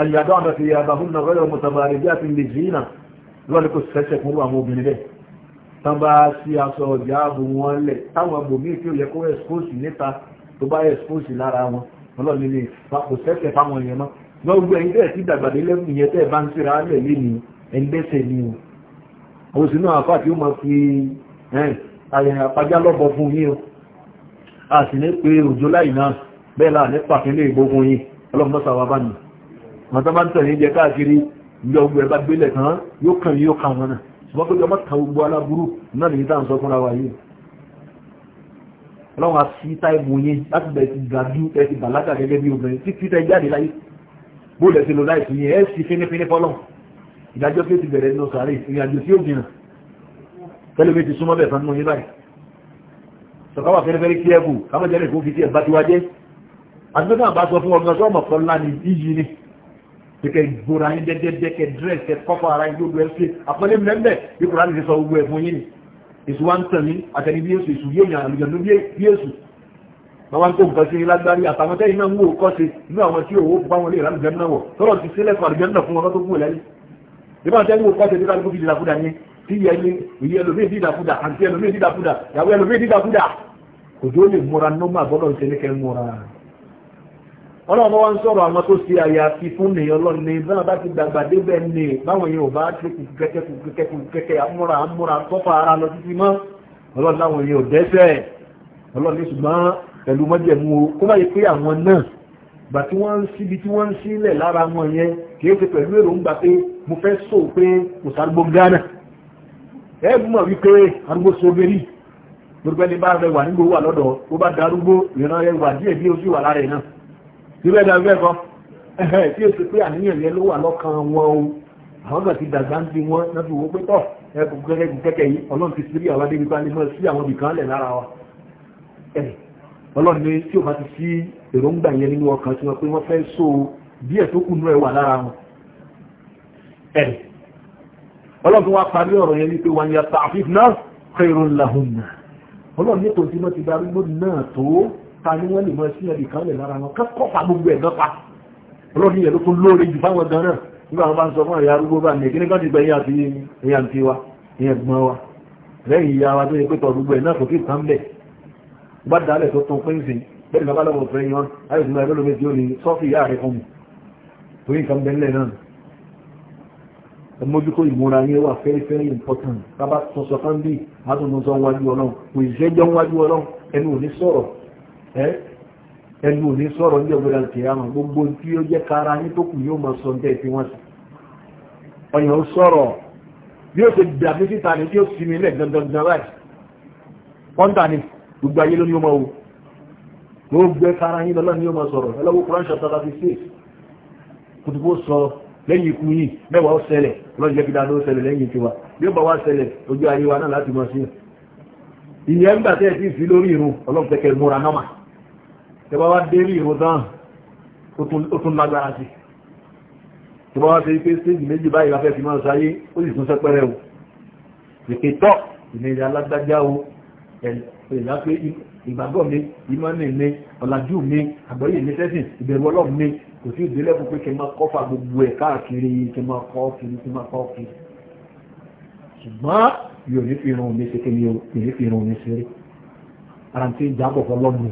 أن يضعن ثيابهن غير متبارجات بالزينة lọ́lẹ́ kò sẹ́sẹ̀ fún àwọn obìnrin bẹ́ẹ̀ tán bá sí aṣọ ọjà ààbò wọn lẹ̀ táwọn agbòmí tí ó yẹ kó ẹ̀skóòsì níta tó bá ẹ̀skóòsì lára wọn ọlọ́ni lè kò sẹ́sẹ̀ fáwọn èèyàn mọ́ lọ́gbọ́ ẹ̀yìn tẹ́ẹ̀ tí dàgbàdé lẹ́kùn yẹn tẹ́ẹ̀ bá ń síra lẹ̀ lé ní ẹ̀ńdẹ́sẹ̀ ni o òsì náà àfà tí ó máa fi àpájá lọ́bọ fún yín o a sì ní pé òjò láì náà bẹ́ẹ̀ láà ní pàfin lè gbógun yín ọlọ́mọ́sà wa bá nìí wọn tó bá ń tẹ̀lé jẹ káàkiri ìjọ ogun ẹ̀bá gbélẹ̀ kan yóò kàn yóò kàn wọn náà ṣùgbọ́n pé ọmọ kan gbogbo aláburú náà nìyí tá à ń sọ fúnra wa yìí ọlọ́run àti táìmù yín láti bẹ̀rẹ̀ ti gàdú ẹ ti bàlágà gẹ́gẹ́ bí obìnrin títí tẹ jáde láyé bó lẹ̀ ti lò láìsí yẹn ẹ sì fínífíní fọlọ́n ìdájọ́ tí ó ti bẹ̀rẹ̀ nínú sàárè ìrìn àjò tí ó jìnà tẹ́lẹ̀mí ti súnmọ́ bẹ̀ẹ̀ fánú yín báyìí sọ̀káwà fẹ́rẹ́fẹ́rẹ́ kí ẹ̀bù kámọ́jẹ́rẹ́ kó fi tí bá ti wájẹ́ àti pé náà bá sọ fún ọgbọ́n tó kan lá ní yíyí ni kẹkẹ gbóra yín dẹdẹdẹ kẹ dírẹsì kẹ kọfọ ara yín lóògùn ẹsẹ àpọlẹ mẹmẹ bí kò láti sọ gbogbo ẹ fún yín ni èsù wa ń tàn mí àtẹni bí èsù èsù yéèyàn àlùjọdún bí èsù bàbá ń kó nǹkan sí yín lágbárí àtàwọn tẹ̀yìn náà ń wò kọ́ sí inú àwọn tí òwò bá wọn lè rálùjọ náà wọ̀ tọ́lọ̀ ti sílẹ̀ fún àlùjọ náà fún wọn tó kú lẹ́yìn ìbá tẹ́yìn wò kọ́ sí nípa gbogbo ìdìdàkudà yín tí ìyá ilé ìyá ẹlòmíì dídàkudà àǹtí ẹlòmíì dídàkudà ìyàwó ẹlòmíì dídàkudà kò tó lè múra nọ́mà bọ́lọ̀ ń ṣe ní kẹ́ ń múra ọlọ́run bá wá ń sọ̀rọ̀ àwọn tó ṣe àyàfi fún nìyẹn ọlọ́run ní bá bá ti dàgbà débẹ̀ ní báwọn yóò bá ṣe kù kẹ́kẹ́ kù kẹ́kẹ́ kù kẹ́kẹ́ amúra amúra tọ́fà ara lọ títí mọ́ ọlọ́run láwọn yóò dẹ́ṣẹ̀ ọlọ́run ní ṣùgbọ́n pẹ̀lú mọ́jẹ̀mú o kó má yẹ pé àwọn náà gbà tí wọ́n ń síbi tí wọ́n ń sílẹ̀ lára wọn yẹn kìí ṣe pẹ̀lú èròǹgbà pé mo fẹ́ sọ pé kò sárúgbó gánà ẹ mọ̀ wípé arúgbó sobiri gbogbo ẹni bá rẹwà nígbò wà lọ́dọ̀ ó bá darúgbó ìran rẹwà díẹ̀ bí ojú wà lára ẹ̀ náà síbẹ̀ dà bẹ́ẹ̀ kọ́ tí o sì pé àníyàn yẹn ló wà lọ́kàn wọn o àwọn kan ti dàgbà ń di wọn náà fi wo pé tọ̀ ẹkùn gẹ́gẹ́ bí kẹ́kẹ́ yìí ọlọ́run ti sírí àwọn adébí bá lè mọ́ sí àwọn ibìkan lẹ̀ lára wa ọlọ́run ni tí o bá ti sí èròǹgbà yẹn nínú ọkàn tí wọ́n pé wọ́n fẹ́ so díẹ̀ tó kù náà wà lára wọn ẹ̀rì ọlọ́run wá parí ọ̀rọ̀ yẹn wípé wọn yà tààfíf náà kẹrùn làhùn náà ta ni wọ́n lè mọ sí ẹbì kan lè lára wọn kọ́fà gbogbo ẹ̀gbọ́n pa ọlọ́dún yẹn ló tún lóore jù fáwọn gan náà nígbà wọn bá ń sọ fún ẹ̀yà arúgbó bá nìyẹn kí ní kan ti gbẹ̀yìn àti ìyá ti wa ìyẹn gbọ́n wa lẹ́yìn ìyá wa tó yẹ pé tọ̀ gbogbo ẹ̀ náà kò kí kan bẹ̀ bá dálẹ̀ tó tún pín sí bẹ́ẹ̀ bàbá lọ́wọ́ fẹ́ yan ayé ìsinmi ẹgbẹ́ lómi tí ó ní sọ́ọ̀fì ìyá rẹ̀ kan mù torí nǹkan bẹ́ẹ̀ náà ẹmójúkó ìmúra yẹn wà very very important bàbá tuntun kan bí àtúntò wájú ọlọ́run kò ìṣẹ́jọ́ ẹnu ò ní sọ̀rọ̀ ní ọgbẹ̀rẹ̀ kìyàmà gbogbo tí ó jẹ́ kára ní tó kù yóò mọ̀ sọ ǹdẹ́ tí wọ́n sì ọ̀yàn ó sọ̀rọ̀ bí ó ṣe dàbí síta ní tí ó sinmi lẹ̀ dandandan láì pọ́ńtà ni gbogbo ayé ló ní ó mọ̀ wò gbogbo kára yín lọ́lọ́ ni ó máa sọ̀rọ̀ ẹlọ́wọ́ Quran chapter 36 kùtùkú sọ lẹ́yìn ikú yìí mẹ́wàá ó ṣẹlẹ̀ lọ́nà jẹ́ kídá tẹba wá dérí ìrọ̀dán ó tún lágbára sí tẹba wá tẹ́rí pé stéjì méjì báyìí wáfẹ́ fi máa sáyé ó sì tún sẹ́pẹ́rẹ́ o ìpè tọ́ ìnira alágbájá o ẹ̀lá pé ìgbàgbọ́ mi ìmọ̀nì mi ọ̀làjú mi àgbọ́yé mi sẹ́sìn ìbẹ̀rù ọlọ́run mi kò sí ìdílé fún pé kí n máa kọ́fà gbogbo ẹ̀ káàkiri kí n máa kọ́ kiri kí n máa kọ́ kiri ṣùgbọ́n yóò ní fi irun mi ṣe kí ni yóò ní fi irun mi ṣeré ara ti ń jábọ̀ fọlọ́run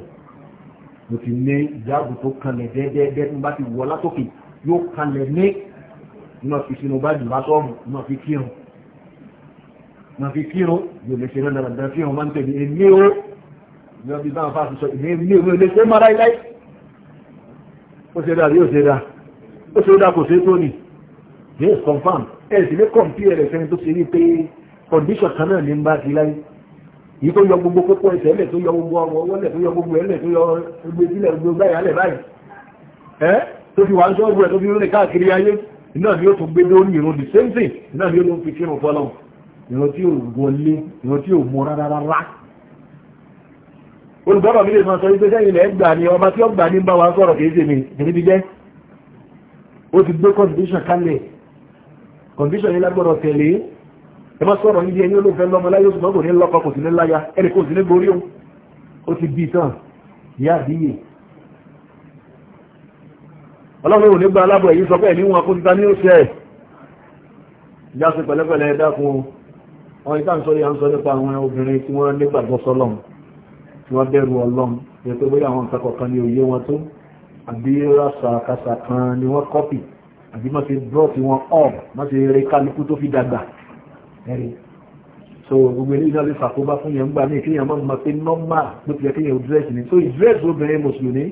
mo ti ní ìjáàbù tó kanlẹ̀ dẹ́dẹ́dẹ́ tó bá ti wọ látòkè yóò kanlẹ̀ ní iná fi sínú bá jù lásọ́ọ̀mù iná fi kírun iná fi kírun yóò lè ṣe náà dáadáa fi hàn máa ń tẹ̀lé èmi o ìyá bí báwọn fáṣọ sọ èmi èmi èmi ò lè ṣe máa láíláí ó ṣe dáa yóò ṣe dáa ó ṣe dáa kò ṣe tó nì yóò confam ẹ̀ sì lè kọ̀ǹpì ẹ̀rẹ̀ fẹ́ni tó ṣe rí pé condition kan náà ní ń bá ti láyé yìí tó yọ gbogbo kókó ẹsẹ̀ lẹ̀ tó yọ gbogbo ọmọ ọwọ́ lẹ̀ tó yọ gbogbo ẹlẹ̀ tó yọ gbogbo ìdílẹ̀ gbogbo gbáyà lẹ̀ báyìí ẹ́ tó fi wà ń sọ́ọ̀bù ẹ̀ tó fi rìn káàkiri ayé iná ni ó tún gbé lórí ìrún the same thing iná ni ó tún fi kírun fọlọ́ ìrún tí ò wọlé ìrún tí ò mú rárá olùgbọ́dọ̀ mi lè máa sọ wípé ilẹ̀ gbà ni ọba tí ó gbà ní bá sọ̀rọ̀ kì í ṣe mi jẹ́ ó ti gbé condition kalẹ̀ condition yìí lágbọ́dọ̀ tẹ̀lé ẹmọ sọ̀rọ̀ ní ẹni olóòfẹ́ lọ́mọ láyé oṣù mọ́kò ní lọ́kọ kò sí ní láyá ẹni kò sí ní borí òun ó ti bí tán ní àdíyè ọlọ́run ò ní gba alábọ̀ èyí sọ pé ẹni wọn kó títa ní oṣù ẹ̀ ìjà sí pẹ̀lẹ́pẹ̀lẹ́ ẹ̀dákun wọn ìta ń sọ yà ń sọ nípa àwọn obìnrin tí wọ́n nígbàgbọ́ sọ́lọ́m tí wọ́n bẹ̀rù ọlọ́m ní pé bóyá àwọn nǹkan kọ̀ọ̀kan ní òye wọn tó àbí rásàkásà kan ni wọ́n kọ́pì àbí má ṣe drọ́ọ̀tì wọn ọ̀p má ẹ̀rí so gbogbo ilé ìjọba ìfàkóbá fún yẹn ń gbà ní ìkéyàn máa ma pé nọ́mbà ló ti yẹ kéyàn dírẹ́sì ni so ìdírẹ́sì obìnrin mùsùlùmí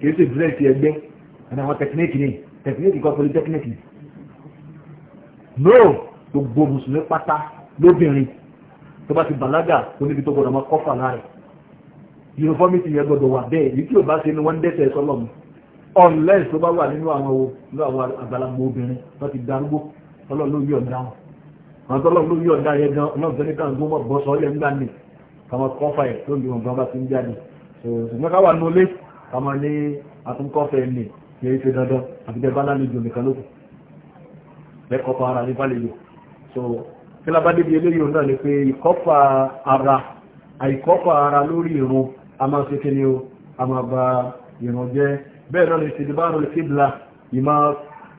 kìí ṣe dírẹ́sì ẹgbẹ́ ẹni àwọn tẹkiníkì ni tẹkiníkì kan pẹ̀lú tẹkiníkì no gbogbo mùsùlùmí pátá lóbìnrin tó bá ti bàlágà oníbi tó gbọdọ̀ máa kọ́fà lára yunifọ́mìtì yẹn gbọdọ̀ wà bẹ́ẹ̀ èyí tí ò bá ṣe ni wọ́n ń dẹ́sẹ̀ sọ́lọ̀ mi unless tó bá wà nínú àwọn àgbàlagbà obìnrin tó ti darúgbó ọlọ́ọ̀lóyè ọ̀dà wọn àwọn tọ́lọ̀ ló yọ̀ ọ̀dá yẹn gan ọlọ́run tó ní káwọn tó mọ̀ bọ́ sọ ọ́lẹ̀ ńgbà ní kàwọn kọ́fà ẹ̀ tó lè wọn gan bá ti ń jáde ṣùgbọ́n káwà nú ilé kàwọn ní atúnkọ́fà ẹ̀ nì kì so kí lábá débi eléyìí náà ni pé ìkọ́fà ara àìkọ́fà ara lórí ìrun a máa ṣe kíni o a máa ba ìrun jẹ́ bẹ́ẹ̀ náà ni ṣe ìdíbàrún kíbla ìmá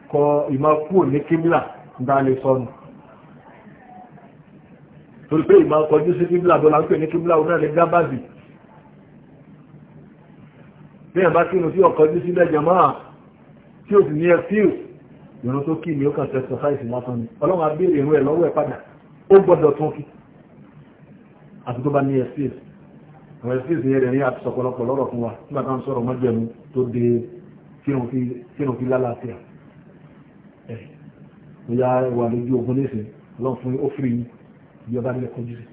kúrò ní kíbla ń torí pé ìmọ̀ ọkọ̀jú sí kíbílà tó láńpẹ̀ ní kíbílà òun náà lè gábàzì bí ẹ̀bá kínú sí ọkọ̀jú sí lẹ́jọ máa tí ó sì ní ẹfíù ìrún tó kí ni ó kàn tẹ́sọ̀ sáìsì látọ́ ni ọlọ́run abéèrè ìrún ẹ̀ lọ́wọ́ ẹ̀ padà ó gbọ́dọ̀ tún kí àti tó bá ní ẹfíù àwọn ẹfíù sì yẹrẹ ní àtisọ̀pọ̀lọpọ̀ lọ́rọ̀ fún wa nígbà tá à ń sọ̀rọ̀ mọ́jẹ̀mú tó de kírun fi lálàáfíà ẹ̀ bóyá wà lójú ogun nísìn ọlọ́run fún ó fìrí yìí bí ọba nílẹ̀ kojú sí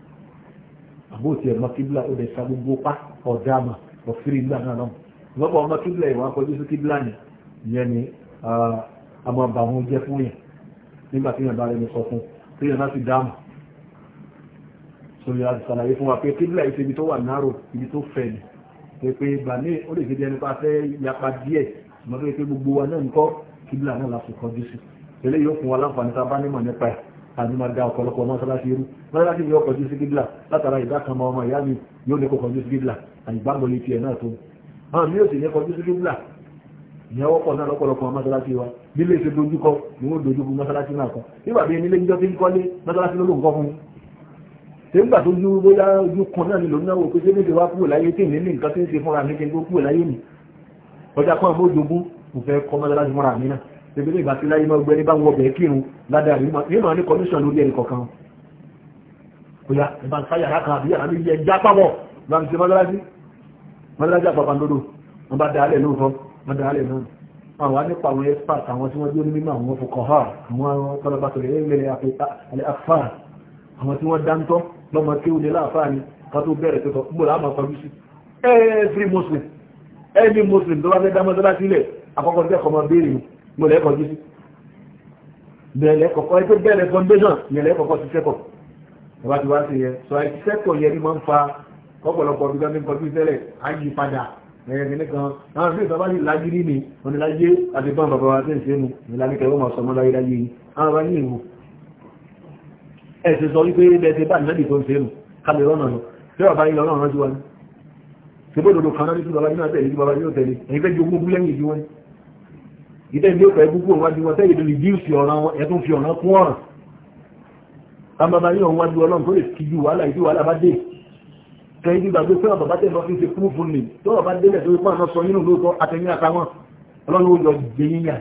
àbó tiẹ̀ mọ kíbla ó lè sa gbogbo pa ọ̀dà àmà ọ̀fírí ìgbà náà náà lọ́pọ̀ ọmọ ìwà akọjú sí kíbla ni ìyẹn ni àmọ́ bà wọn jẹ́ fún yẹn nígbà tí yẹn bá rẹni sọ fún tí yẹn bá ti dáàmù sórí àti sàlàyé fún wa pé kíbla ìṣe ibi tó wà náró ibi tó fẹ̀ ni pé pé ìgbà ní ó lè ṣe nípa fẹ́ yapa díẹ̀ ṣùgbọ́n pé gbogbo lọ́dá tí yóò kọjú sí gíblà látara ìdákanmọ́ ọmọ ìyá mi yóò ní kò kọjú sí gíblà àìgbàmọ̀lé tiẹ̀ náà tó àwọn mi ò sì ní kọjú sí gíblà ìyàwó pọ̀ náà lọ́pọ̀lọpọ̀ mọ́sálásí wa nílé ìṣe dojúkọ ni wọ́n dojúkọ mọ́sálásí náà kan nígbà bí nílé ìjọ tí ń kọ́lé mọ́sálásí ló ló ń kọ́ fún un tí ń gbà tó ju bóyá ojú kan náà ni lòun náà wò pé ṣé níbi wá kúrò láyé tí ìnílé nǹkan tí ń ṣe fúnra mi kí n tó kúrò láyé mi ọjà kan mọ́ jogún mo fẹ́ kọ́ mọ́sálásí fúnra mi náà ṣèbí nígbà tí láyé mọ́ gbẹ́ni bá wọ bẹ̀ẹ́ kírun ládàá rí mọ́ ní kọ́míṣọ̀n lórí ẹnì bóyá ìbá ń sáyà rákà àbí àmì yẹ já pápọ̀ láti ṣe mọ́lẹ́lájí mọ́lẹ́lájí àpapàndòdò wọ́n bá dáálẹ̀ lóòótọ́ wọ́n dáálẹ̀ náà àwọn anípa àwọn expert àwọn tí wọ́n jó ní mímọ̀ àwọn fòkọ̀há àwọn tọ́lọ́bàtọ̀lẹ̀ ẹ̀rẹ́lẹ̀ àfà àwọn tí wọ́n dáńtọ́ lọ́mọ kí every muslim every muslim tó bá fẹ́ dá mọ́tọ́lá sílẹ̀ àkọ́kọ́ tẹ́ kọmọ béèrè mo lẹ́kọ̀ọ́ jú sí bẹ̀rẹ̀ kọ̀kọ́ ẹgbẹ́ bẹ̀rẹ̀ foundation yẹ̀lẹ́ kọ̀kọ́ ti sẹ́kọ̀ọ́ ìwà tí wá sí yẹn sọ ẹ̀kẹ́kọ̀ọ́ yẹn ni máa ń fa ọ̀pọ̀lọpọ̀ bí gbọ́n ní kọjú tẹ́lẹ̀ ayé padà ẹ̀yẹ̀kẹ́ nìkan àwọn fíìsì ọba yìí lágírí ni oníláyé àti bọ́n bàbá wa tí ń ṣe nù ìlànìkẹ́ wọ́n máa sọmọ́ láyé láyé yìí àwọn bá ní ìwò ẹ̀sẹ̀ sọ wípé bẹ́ẹ̀ ti bá ìlẹ́dì tó ń ṣe nù kálẹ̀ rọ́nà lọ tí ọba yìí lọ́nà rántí wa ní ṣebódodo kan náà tí bàbá yìí náà tẹ̀lé bàbá yìí náà tẹ̀lé ẹ̀yìn fẹ́ ju ogún lẹ́yìn ìdí wọn ìdẹ́ ìdí ó fẹ́ gbogbo wájú wọn tẹ́yìn lórí díùsì ọ̀ràn ẹ̀ tó fi ọ̀ràn kún ọ̀ràn àmàmà ní ọ̀wọ́n wájú ọlọ́run tó lè kíjú wàhálà ìdí wàhálà bá dé kẹ́yìn nígbà pé sọ́wọ́ bàbá tẹ̀lọ́ fi ṣe kú fún mi tọ́wọ́ bá délẹ̀ tó pọ́n sọ nínú lóòótọ́ àtẹ̀yìn àtàwọn ọlọ́run yọ gbé yíyà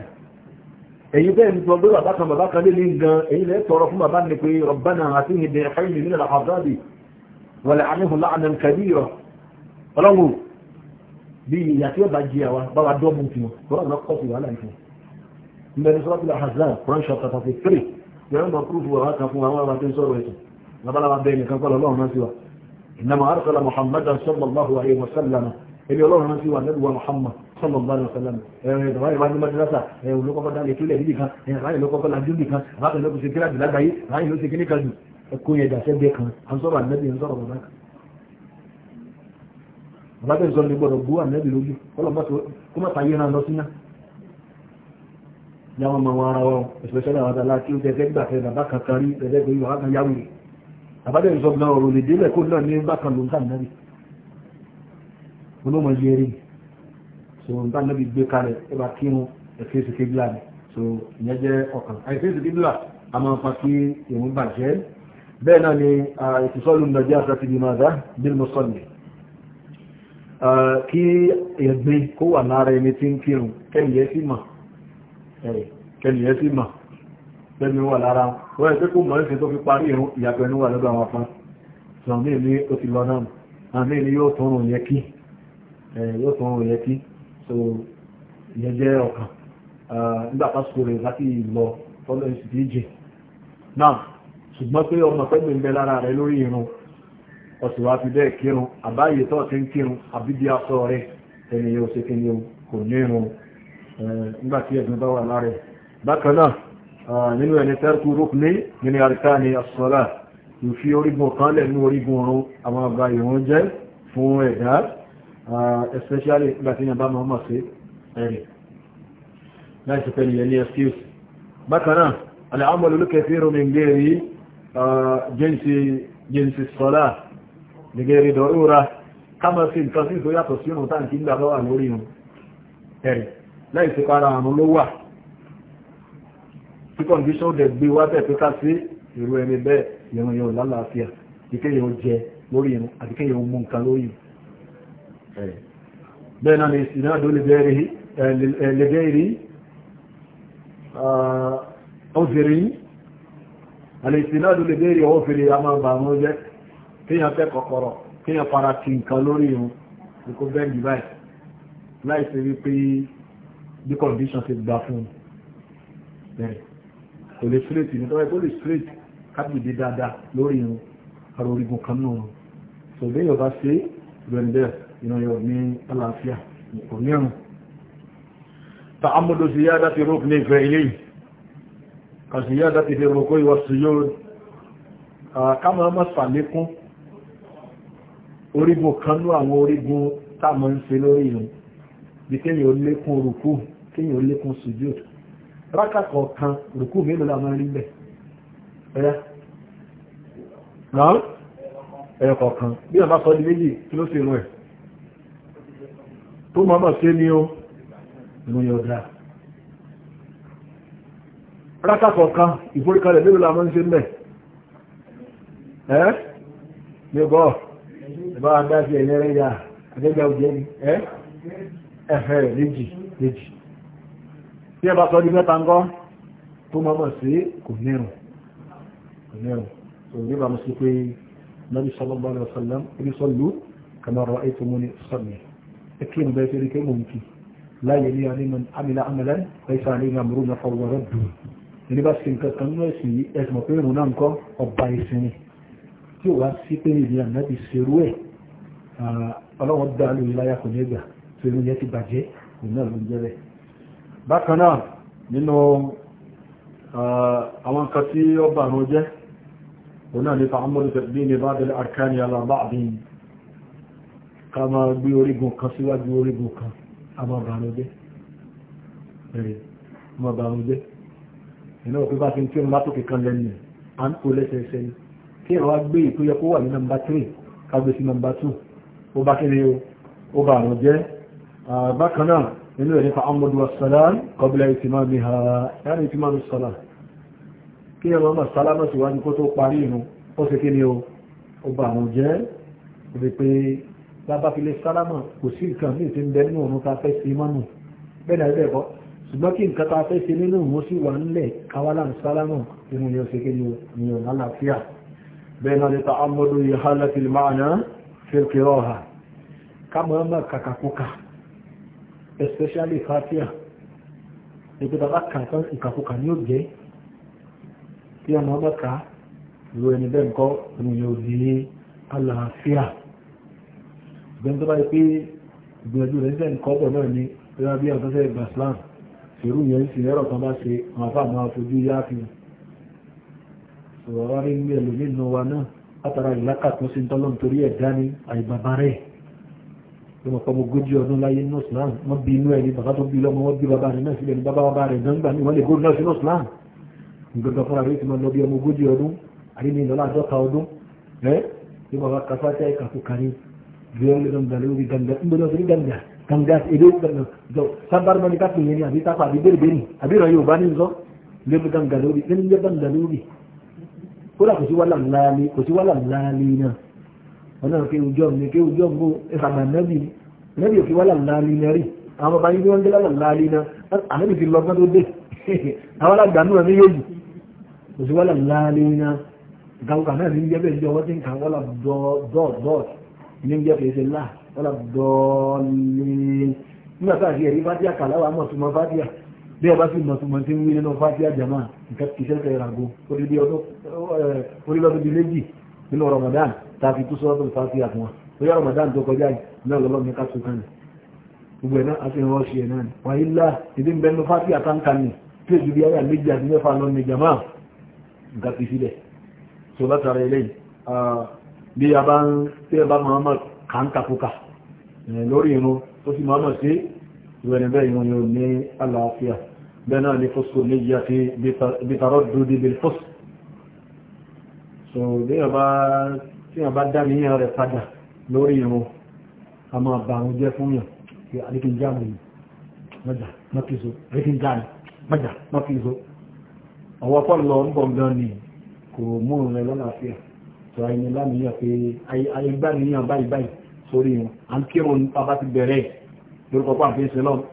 bẹ́ẹ̀ ní sọ pé bàbá kan bàbá kan lè gan ẹ̀yin lẹ́ tọrọ fún bàbá ní pé rọ̀bánà àti ìdẹ̀ ẹ̀fẹ́yìn nílẹ̀ wọlé àníhùn láàrín kàbíyọ ọlọ́run bí ìyà tí ó bá jẹ àwa bá wa dọ́ọ̀mù tiwọn tọ́wọ́ náà kọ́ sí wàhálà ìfún yẹn mọ̀ púrúfù wà kan fún àwọn àbátí sọ́rọ̀ ẹ̀sùn labalábá bẹ́ẹ̀ nìkan kọ́ lọ́wọ́ máa sí wa ìnàmà àrùkọ́lá muhammad sallallahu alaihi wa sallam ebi ọlọ́run máa sí wa nẹ́bí wa muhammad sallallahu alaihi wa sallam ẹ̀rọ ìdàwà ìwà ní madrasa ẹ̀rọ olókọ́kọ́ dálé kílẹ̀ níbi kan ẹ̀rọ olókọ́kọ́ lajú níbi kan ráàyè ló ti kíra jù lágbàáyé ráàyè ló ti kíní kan jù ẹkún yẹn dàṣẹ́ bẹ́ẹ̀ kan à ń sọ̀rọ̀ ànẹ́bí ń bàbá kan bàbá bẹ́ẹ̀ ní gbọ́dọ̀ bú ànẹ́bí lójú kọ́lọ́ yàwọn ọmọ ara wọn especially àwọn àtàlá kí ó tẹ́fẹ́ gbà fẹ́ bàbá kan kan rí tẹ́fẹ́ pé yóò hákan yáwó rẹ̀ àbádẹ́ ìsọ gan ọ̀rọ̀ lè délẹ̀ kó náà ní bákan ló ń tàn náà olóòmọ yẹ rí so ń tàn náà gbé kalẹ̀ ẹ bá kí wọn ẹ̀fẹ́ sí kébìlà ni so ìyẹn jẹ́ ọkàn àìfẹ́ sí kébìlà a máa fa kí ìwọ̀n bàjẹ́ bẹ́ẹ̀ náà ni ìtìsọ́lù ń dọjá àti bí máa dá bí mo sọ ni kí ẹ̀gbin kó wà lára ẹni tí ń kírun kẹ́yìn yẹn sì mọ̀ kẹni ẹ sí mà lẹ́nu wà lára wọ́n ẹ̀ pé kó mọ̀ ẹ́sẹ̀ tó fi parí ìrún ìyàpẹ̀ ní wà lọ́dọ̀ àwọn apá sàmì ní ó ti lọ náà àmì ní yóò tún òun yẹ kí yóò tún òun yẹ kí so ìyẹn jẹ́ ọ̀kan nígbà pásítọ̀ rẹ̀ láti lọ tọ́lọ́ èsì tí jì náà ṣùgbọ́n pé ọmọ pẹ́gbẹ̀ ń bẹ lára rẹ̀ lórí ìrún ọ̀sẹ̀ wa fi bẹ́ẹ̀ kírun àbáyé tó ti ń kírun àbíbí aṣọ rẹ̀ ẹni yóò nígbàtí ẹ̀dùn bá wà lára bákan náà nínú ẹni tẹ́rkù rúkní nínú àríká ni as-salah ìfi orígun kan lẹ̀ ní orígun ọrún àwọn àgbà ìrún jẹ́ fún ẹ̀dá especially nígbàtí yàn bá mọ́ mọ̀ sí ẹ̀rì láìsí pẹ̀lú ẹni excuse bákan náà al-amalu al-kathiru min ghairi jinsi jinsi as-salah min ghairi darura ẹ̀rì láì sí para àrùn ló wà tí condition dẹ̀ gbé wá bẹ́ẹ̀ pé ká sí ìrú ẹni bẹ́ẹ̀ ìrun yóò lálàáfíà ìkéyìí jẹ lórí ìrun àti kéyìí mú nǹkan lórí ìrun bẹ́ẹ̀ náà ni ìsìnádó lè bẹ́ẹ̀ rí ọ̀fẹ́rin a bí condition ti gba fún bẹ́ẹ̀ kò lè straight ní tọ́wọ́ kó lè straight kábìdì dáadáa lórí irun àrò orígun kan náà rùn so bí yóò bá ṣe rẹ̀ndẹ̀ ìran yóò ní àlàáfíà kò ní rùn ta amúdó sí yá dáti rúk ní ìfẹ́ ilé kà sí yá dáti fi rúkó ìwà sí yóò kámọ́ mọ́ sàlékún orígun kan náà àwọn orígun táàmọ́ ń ṣe lórí irun bí kéyìn ó lékún rùkú kéyìn ó lékún sujud rákà kọ̀ọ̀kan rùkú mélòó la máa rí bẹ̀ ẹ̀yà náà ẹ̀yọ̀ kọ̀ọ̀kan bí wọ́n bá sọ di méjì kí ló sì rún ẹ̀ tó máa mọ̀ sí ni ó mú yọ̀ dáa rákà kọ̀ọ̀kan ìforíkalẹ̀ mélòó la máa ń ṣe mẹ́ ẹ́ ní bọ́ ìbá adáṣe ẹ̀yẹrẹ yà àgẹ́gẹ́ òjẹ́ ni ẹ́ ẹ̀fẹ́ rẹ̀ méjì méjì tí ẹ bá sọ di mẹ́ta ńkọ́ tó mọ́mọ́ sí kò nírun kò nírun tó nígbà nabi sallallahu alaihi wasallam ibi sọlù kama ra'aytumuni usalli ẹkí ni bẹ́ẹ̀ tẹ́lẹ̀ kẹ́ mọ̀ nkì láyé ní alẹ́ mọ̀ amìlà amìlà ẹ̀sà alẹ́ ní amúrú na fọwọ́ rẹ̀ dùn ẹni bá sì nǹkan kan nínú ẹ̀sìn yìí ẹ̀sìn mọ̀ pé irun náà tí ó wá sí pé ìdí ànábì ṣerú ẹ̀ ọlọ́wọ́ dá lórí láyà kò ní gbà fèrè yẹn ti bàjẹ́ ìná ló ń jẹ́ rẹ̀ bákan náà nínú àwọn nǹkan tí ó bà rún jẹ́ òun náà nípa amúrú tẹ̀lé ní bá dẹ̀lẹ̀ àkáni alábáàbí ká máa gbé orígun kan síwájú orígun kan a máa bà rún jẹ́ rẹ̀ a o ó bà jẹ́ Ah, bákan náà nínú ẹ̀ nípa amadu wasalam kọbílẹ̀ ìtìmá mi ha yáni ìtìmá mi sọ́lá kí ẹ máa sálámà síwájú kó tó parí inú ó sì kí ni o ó bá àwọn jẹ́ ìdí pé lábáfilé sálámà kò sí nǹkan ní ìsìn bẹ nínú òun ta fẹ́ sí mọ́nù bẹ́ẹ̀ náà bẹ́ẹ̀ kọ́ ṣùgbọ́n kí nǹkan ta fẹ́ sí nínú òun sì wà nílẹ̀ káwálà ń sálámà inú yóò ṣe kí ni o ní ọ̀nà àlàáfíà bẹ́ẹ̀ náà nípa amadu yìí hálà fìlmáà náà fìlkìrọ̀ ha ká mọ̀ ọ́n mọ̀ kàkàkùkà especially fatia ìgbẹ́ta bá kà tán ìkàkùkà ní òjé tí ọmọ bá kà lo ẹni bẹ́ẹ̀ nǹkan ènìyàn ò di àlàáfíà ìgbẹ́ni tó bá pé ìgbìyànjú rẹ̀ sẹ́ni kọ́bọ̀ náà ni rẹ́ra bí ọ̀tọ́ sẹ́ ìgbà Islam ṣerú yẹn sì ẹ̀rọ kan bá ṣe àwọn afá máa fojú yá fi sọ̀rọ̀ wá rí ní ẹlòmínú wa náà látara ìlákàtún sí tọ́lọ́ nítorí ẹ̀dá ní àìbàbá rẹ̀ ló mọ̀ pọ̀mọ̀ ogójì ọdún láyé ní islam wọ́n bí inú ẹni bàbá tó bí lọ́mọ wọ́n bí bàbá rẹ̀ náà sílẹ̀ ní bàbá bàbá rẹ̀ náà gbà ní wọ́n lè gómìnà sí islam gbogbo fúnra rẹ̀ ti mọ̀ lọ bí ọmọ ogójì ọdún àrí ní ìlọ́lá àjọta ọdún ẹ́ tí bàbá kafáṣá ẹ̀ka tó kárí bí wọ́n ni àbí tápà àbí bẹ́ẹ̀ bẹ́ẹ̀ ni àbí ìrọ̀ yóò bá ní sọ lé mi gàǹgà lórí lé mi gàǹgà lórí kódà ni ọlọ́run kí ojú ọ̀mù kí ojú ọ̀mù ìfàgbà nẹ́bì nẹ́bì òkè wà láàrin náà rí àwọn ọba yìí wọ́n dé láàrin náà àlẹ́bì ti lọ́gbọ́n tó dé àwọn alágbà náà ní yéèjì kò sí wà láàrin náà gàwùkà náà ní jẹ́bẹ̀ ìjọ wọ́n ti ń kà wọ́n là dọ́ọ̀dọ́ọ̀ ní jẹ́ fèsì là wọ́n là dọ́ọ̀lì nígbà tá àti ẹ̀rí fátíà kà láwà mọ̀ túmọ̀ fátíà bí ọba sì mọ̀ túmọ̀ tí ń wí nínú fátíà jàmá nǹkan kìí ṣẹ́ṣẹ́ ìràgó eh, Ramadan tàbí tó sọ́rọ̀ tó fàáfíà fún wọn tó yọ́ ramadan tó kọjá náà lọ́lọ́ ní káàkiri kan gbogbo ẹ̀ náà àti ìrànwọ́ ṣe náà ni wà ilá ìdí ń bẹ ní fàáfíà táǹkà ni tí èsì bí ayà méjì àti mẹ́fà lọ ní jama nǹkan fi sílẹ̀ tó látara ilé bí a bá ń tẹ́ bá Muhammad kàńkà kúkà lórí irun tó sì Muhammad sí ìwẹ̀nẹ̀ bẹ́ẹ̀ ìwọ̀n yóò ní àlàáfíà bẹ́ẹ̀ náà ni fosco méjì àti bitarọ́ dúdú bil fosco so bí a tí wọ́n bá dá níyàn rẹ̀ padà lórí ìrún a máa bá àwọn jẹ́ fún yàn kí àríkínjáàmù yìí mọ́jà mọ́kìzó àríkínjáàmù mọ́jà mọ́kìzó ọwọ́ pọ̀ lọ ń bọ̀ gan ni kò mú rẹ̀ lọ́làáfíà tó ayé láníyàn pé ayé gbá níyàn báyìí báyìí sórí wọn à ń kírun nípa bá ti bẹ̀rẹ̀ lórúkọ pọ̀ àfi ìṣẹ́ lọ́wọ́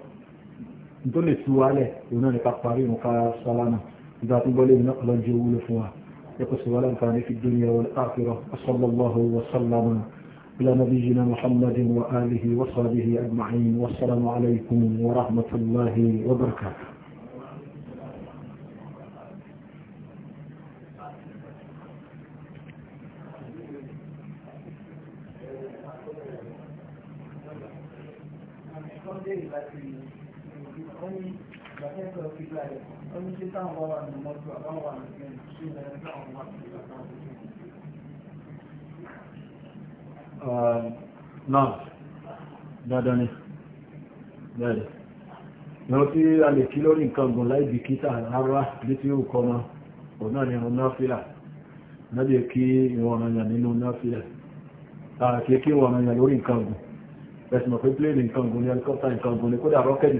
nítorí tú wálẹ̀ ìrún nípa parí nǹkan sálámà ìgbà tó gbọ́lé ìrún náà lọ́jọ́ wúlò fún wa يقص والأنفان في الدنيا والآخرة وصلى الله وسلم إلى نبينا محمد وآله وصحبه أجمعين والسلام عليكم ورحمة الله وبركاته Thank you. Uh, náà dáadáa ni bẹ́ẹ̀ náà tí a lè kí lórí nǹkan gùn láì bìkítà rárá bí tí ó kọ́ náà òun náà ni ọ̀rọ̀ náà fílà náàbí kí ìwọ̀n ọ̀nà nínú náà fílà àti kí ìwọ̀n ọ̀nà lórí nǹkan gùn ẹ̀sùn pé pléèdì nǹkan gùn ní ẹlikọ́ta nǹkan gùn ní kódà rọ́kẹ́tì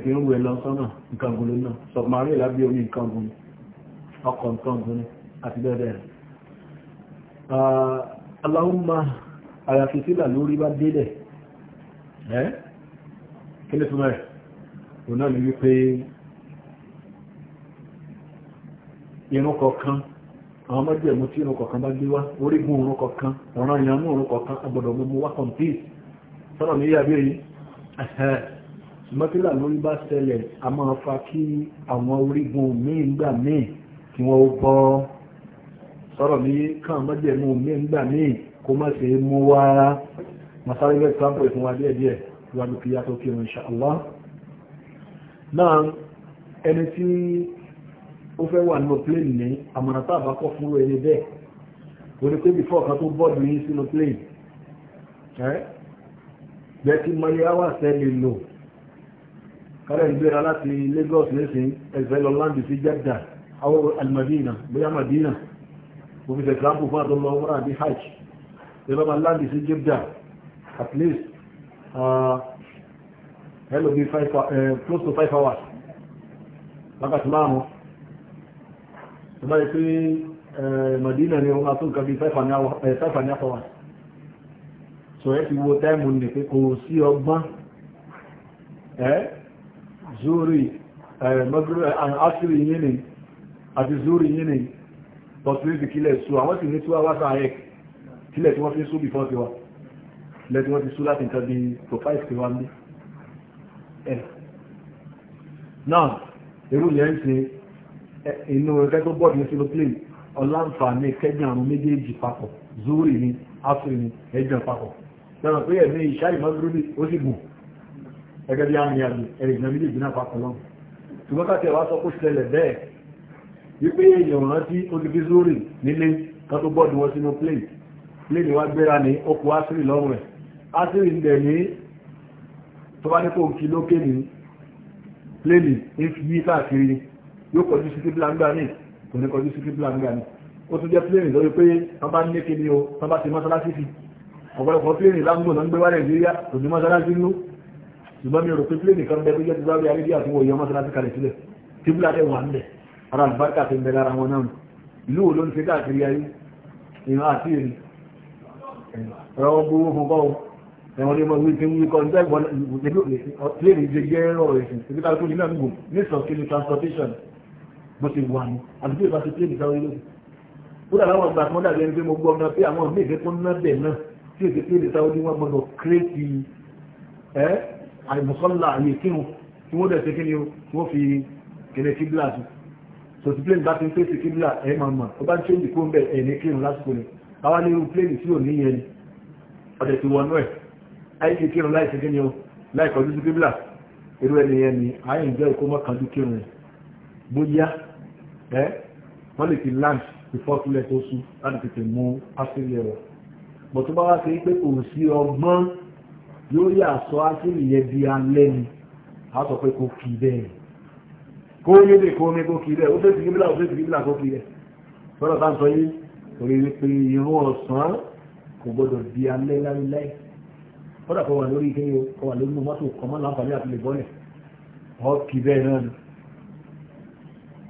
nǹkan gùn ni àti bẹ́ẹ̀ Allahumma àyàfi sílà lórí bá délẹ̀ ẹ́ kí ní túnmọ̀ ẹ̀ ò náà ní wípé irun kọ̀ọ̀kan àwọn mọ́jẹ̀mú tí irun bá gbé wá orígun irun ọ̀ràn ìyànú irun agbọ̀dọ̀ gbogbo wá mọ́tílà lórí bá fa kí àwọn orígun gbà kí sọ̀rọ̀ mi kàn mọ́jẹ̀ mú mi ńgbà míì kó má ṣe mú wá masáré sampo ìfún wa díẹ̀ wà ní kí yàtọ̀ kí Allah náà ẹni tí ó fẹ́ wà nínú plane ní àmọ̀nàtà àbákọ̀ fún ẹni bẹ́ẹ̀ ó ní pé bí fọ́ọ̀kan tó bọ́ọ̀dù yín sínú plane bẹ́ẹ̀ tí mọ iye hours ẹ lè lò kárẹ̀ ń gbéra láti Lagos lẹ́sìn ẹ̀fẹ́ lọ láǹdì sí Jeddah àwọn Al-Madina bóyá Madina mo fi example fún àtọ́mọ ọmọ àbí hajj ẹgbẹ́ máa láǹdì sí Jeddah at least ẹlò uh, bí eh, close to five hours wákàtí márùn-ún ẹgbẹ́ máa pé eh, Madina ni ọmọ àtúnkà bí eh, five and a half hours so ẹ ti wo táìmù ní pé kò sí ọgbọ́n ẹ́ zuri maghrib and asiri yìí ni àti zuri yìí ni possibility kílẹ̀ sú àwọn sì ní túwá wáta ayẹ́ kílẹ̀ tí wọ́n fi sú before tiwa kílẹ̀ tí wọ́n ti sú láti nǹkan bí profile tiwa ń bí ẹ̀ náà irú yẹn ń ṣe inú ẹgbẹ́ tó bọ́ọ̀dù ní sí ló play ọláǹfààní kẹ́gbìn àrùn méjèèjì papọ̀ zúrì ni áfírí ni ẹgbẹ́ papọ̀ lọ́nà pé ẹ̀mí ìṣáì mọ́gúrúbì ó sì gùn ẹgbẹ́ bí àmì àmì ẹ̀rìn ìgbà méjèèjì náà papọ̀ lọ́nà ṣùgbọ́n káàkiri wá sọ kó ṣẹlẹ̀ bẹ́ẹ̀ wípé èèyàn rántí olùbí zúrì nílé kan tó bọ́ọ̀dù wọn sínú plane plane wá gbéra ní okùn asiri lọ́rùn ẹ̀ asiri ń dẹ̀ ní tó bá ní kó kí lókè ní plane ń fi yí káàkiri yóò kọjú sí kíbla ńgbà ní kò ní kọjú sí kíbla ńgbà ní ó tún jẹ́ plane lórí pé wọ́n bá ní kíni o wọ́n bá ti mọ́sálásí fi ọ̀pọ̀lọpọ̀ plane láńgbò náà ń gbé wá nàìjíríà kò ní mọ́sálásí nú ṣùgbọ́n mi rò pé plane kan bẹ tó jẹ́ ara àlùbáríkà ti ń bẹ lára wọn náà ìlú wo ló ń ṣe káàkiri ayé ìran àti èrè ọ̀rọ̀ wọn gbowó fún bọ́ọ̀ ẹ̀wọ̀n lè mọ ìwé tí kọ́ ni transportation bó ti wà ní àdúgbò ìbá ti pléèdì sáré lórí ó dàbí àwọn àgbà kan dàbí ẹni pé mo gbọ́ ọ̀nà pé àwọn ìgbé ìfẹ́ tó ná bẹ̀ náà tí èsì pléèdì sáré ní wọ́n gbọ́dọ̀ kírètì ẹ́ tí wọ́n dẹ̀ ṣe kí ni so ti plane bá ti ń pèsè kíbílà ẹ máa mọ̀ ó bá ń ṣe ìdíkó ń bẹ̀ ẹ̀ ní kírun lásìkò ni àwa ní irú plane tí ò ní yẹn ni ọ̀dẹ̀ ti wọnú ẹ̀ àìsí kírun láìsí kí ni o láìkọjú sí kíbílà irú ẹni yẹn ni àyè ń jẹ́ òkú mọ́kànjú kírun rẹ̀ bóyá ẹ wọ́n lè ti land before kílẹ̀ tó sú láti tètè mú pásítì ẹ̀rọ bọ̀ tó bá wá sí pé kò sí ọgbọ́n yóò yà sọ ásìrì yẹn di alẹ́ ni a sọ pé kò kì bẹ́ẹ̀ kóóyé lè kóóyé kó kiri ẹ̀ ó fẹ́ tìkí bílá ó fẹ́ tìkí bílá kó kiri ẹ̀ sọ́rọ̀ tá ń sọ yìí torí wípé irun ọ̀sán kò gbọdọ̀ di alẹ́ láíláí kódà kọ́ wà lórí ike yìí kọ́ wà lórí inú mọ́tò kọ́ mọ́ láǹfààní àti lè bọ́lẹ̀ ọ́ kì bẹ́ẹ̀ náà ni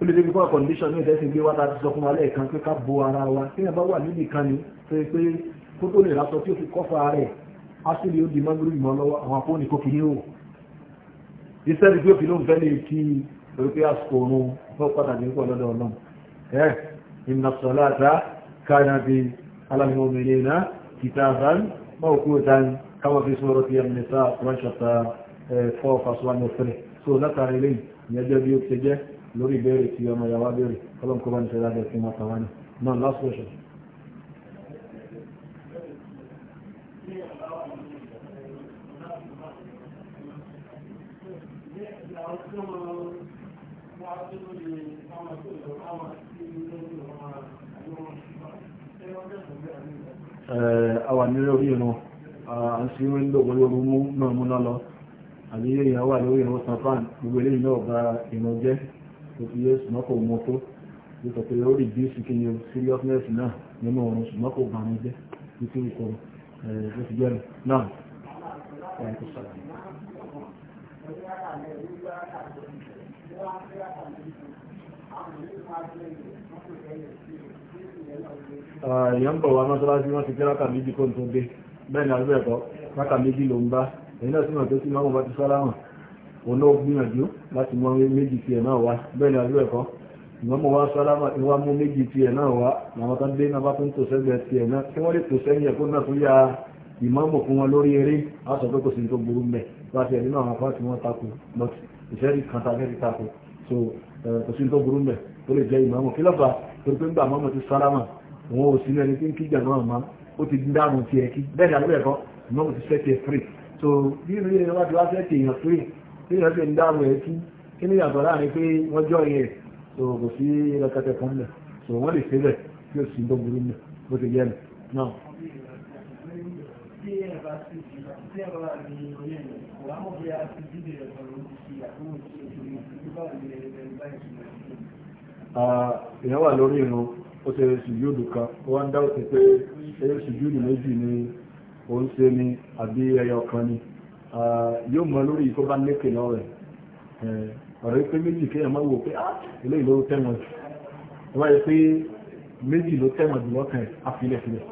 ó lè débi kọ́ condition ní ìdẹ́sìn gbé wáta ti sọ fún alẹ́ kan pé ká bo ara wa tí yẹn bá wà níbi kan ni pé pé kó tó lè rasọ tí ó fi kọ́fà rẹ̀ á sì lè ó di mọ́gírì mọ́ lọ́wọ́ àwọn apóni kò kì í hò iṣẹ́ ni pé òfin ló ń fẹ́ lè kí i torí pé àsìkò òun fọ́ pàtàkì ń pọ̀ lọ́dọ̀ ọlọ́run ẹ̀ inna salata kanat alal mu'minina kitaban mawqutan kama fi surati an-nisa quran chapter four verse one oh three so látàrí eléyìí ìyẹn jẹ́ bí ó ti jẹ́ lórí ìbéèrè tí ọmọ ìyàwó béèrè ọlọ́run kó bá ní ṣẹlá bẹ̀rẹ̀ fún ọmọ tàwọn náà last question. Thank you. àwà eh, ní lórí ìran àti wíńdò pẹ̀lú orúmú náà múná lọ àbí èèyàn wà lórí ìran sanfàn gbogbo eléyìí náà bá ìran jẹ́ tó fi yé ṣùgbọ́n mọ́ tó ló sọ pé ó rí bí sí kíni seriousness náà nínú ọ̀run ṣùgbọ́n bá jẹ́ títí ló fi jẹ́ náà èèyàn ń bọ̀ wá mọ́sálásí wọ́n ti jẹ́ rákà méjì kó tó dé bẹ́ẹ̀ni àrúbẹ̀kọ́ rákà méjì ló ń bá èyí náà símọ̀ tó sí máa bá ti sáláwọ̀n òun náà gbìyànjú láti mọ́ méjì tiẹ̀ náà wá bẹ́ẹ̀ni àrúbẹ̀kọ́ ìmọ́mọ̀ wá sáláwọ̀n ìwá mú méjì tiẹ̀ náà wá làwọn kan dé náà bá tún tò sẹ́gbẹ̀ tiẹ̀ náà kí wọ́n lè tò ẹ̀kọ́ náà tún ya ìmọ́mọ̀ fún wọn lórí eré á sọ pé kò sí tó burú mẹ́ láti ẹ̀dínà àwọn afá tí wọ́n takò lọ́tì ìṣẹ́rí kan tàbí ẹ̀rí tako so kò sí tó burú mẹ́ tó lè jẹ́ ìmọ̀ọ́mọ̀ kí lọ́fà torí pé ń gbà mọ́mọ́ ti sáramà wọn ò sí lẹ́ni tí ń kí jàmọ́ ọ̀mọ́ ó ti dáàmú tiẹ̀ kí bẹ́ẹ̀ dàbí ẹ̀kọ́ mọ́mọ́ ti sẹ́kẹ̀ free so bí ìlú yẹn wá ti wá sẹ́kẹ̀ èèyàn free bí ìyẹn ti ń dáàmú ẹ̀ kí kí ní yàtọ̀ láàrin pé wọ́n jọ yẹn so kò sí ẹlẹ́kẹ̀kẹ̀ kan mẹ́ so wọ́n lè ṣe bẹ̀ kí ó sì tó burú mẹ́ bó ti yẹ náà. Tí ẹ bá ti ṣe, tí ẹ bá ti ṣe, kò èèyàn wà lórí irun ó ṣe sùjúdù kan ó wá ń dá òsì pé ṣe sùjúdù méjì ni ó ń ṣe ni àbí ẹyọ kan ni yóò mọ lórí ìkó bá lékè lọ rẹ̀ ọ̀rẹ́ pé méjì kéèyàn máa wò pé ah, eléyìí ló tẹ̀wọ̀n jù ó wáyé pé méjì ló tẹ̀wọ̀n jù lọ́kàn àfilẹ̀ sílẹ̀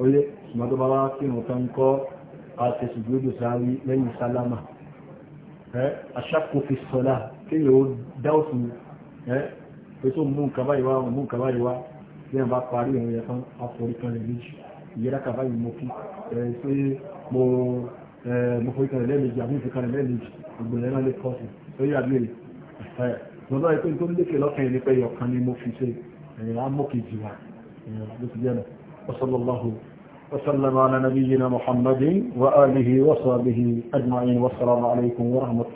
ó yẹ ṣùgbọ́n tó bá wá kírun tán kọ́ àṣẹ sùjúdù sáré lẹ́yìn sálámà que aṣáko fi sọ́lá kí yóò dáòtù pé tó mú kàbáyìwá mú kàbáyìwá bí wọ́n bá parí ìrìn ẹ̀fán àforíkan rẹ̀ méjì ìyẹ́ra kàbáyìí mo kí pé mo foríkan rẹ̀ lẹ́ẹ̀mejì àbí ìforíkan rẹ̀ lẹ́ẹ̀mejì ìgbìyànjú náà lè kọ́ sí lórí àgbèrè lọ́dọ̀ ẹ̀pẹ́ tó lékè lọ́kàn ní pé ọ̀kan ni mo fi ṣe ẹ̀yà mọ́kèjì wa ló ti jẹ́ náà وسلم على نبينا محمد وآله وصحبه أجمعين والسلام عليكم ورحمة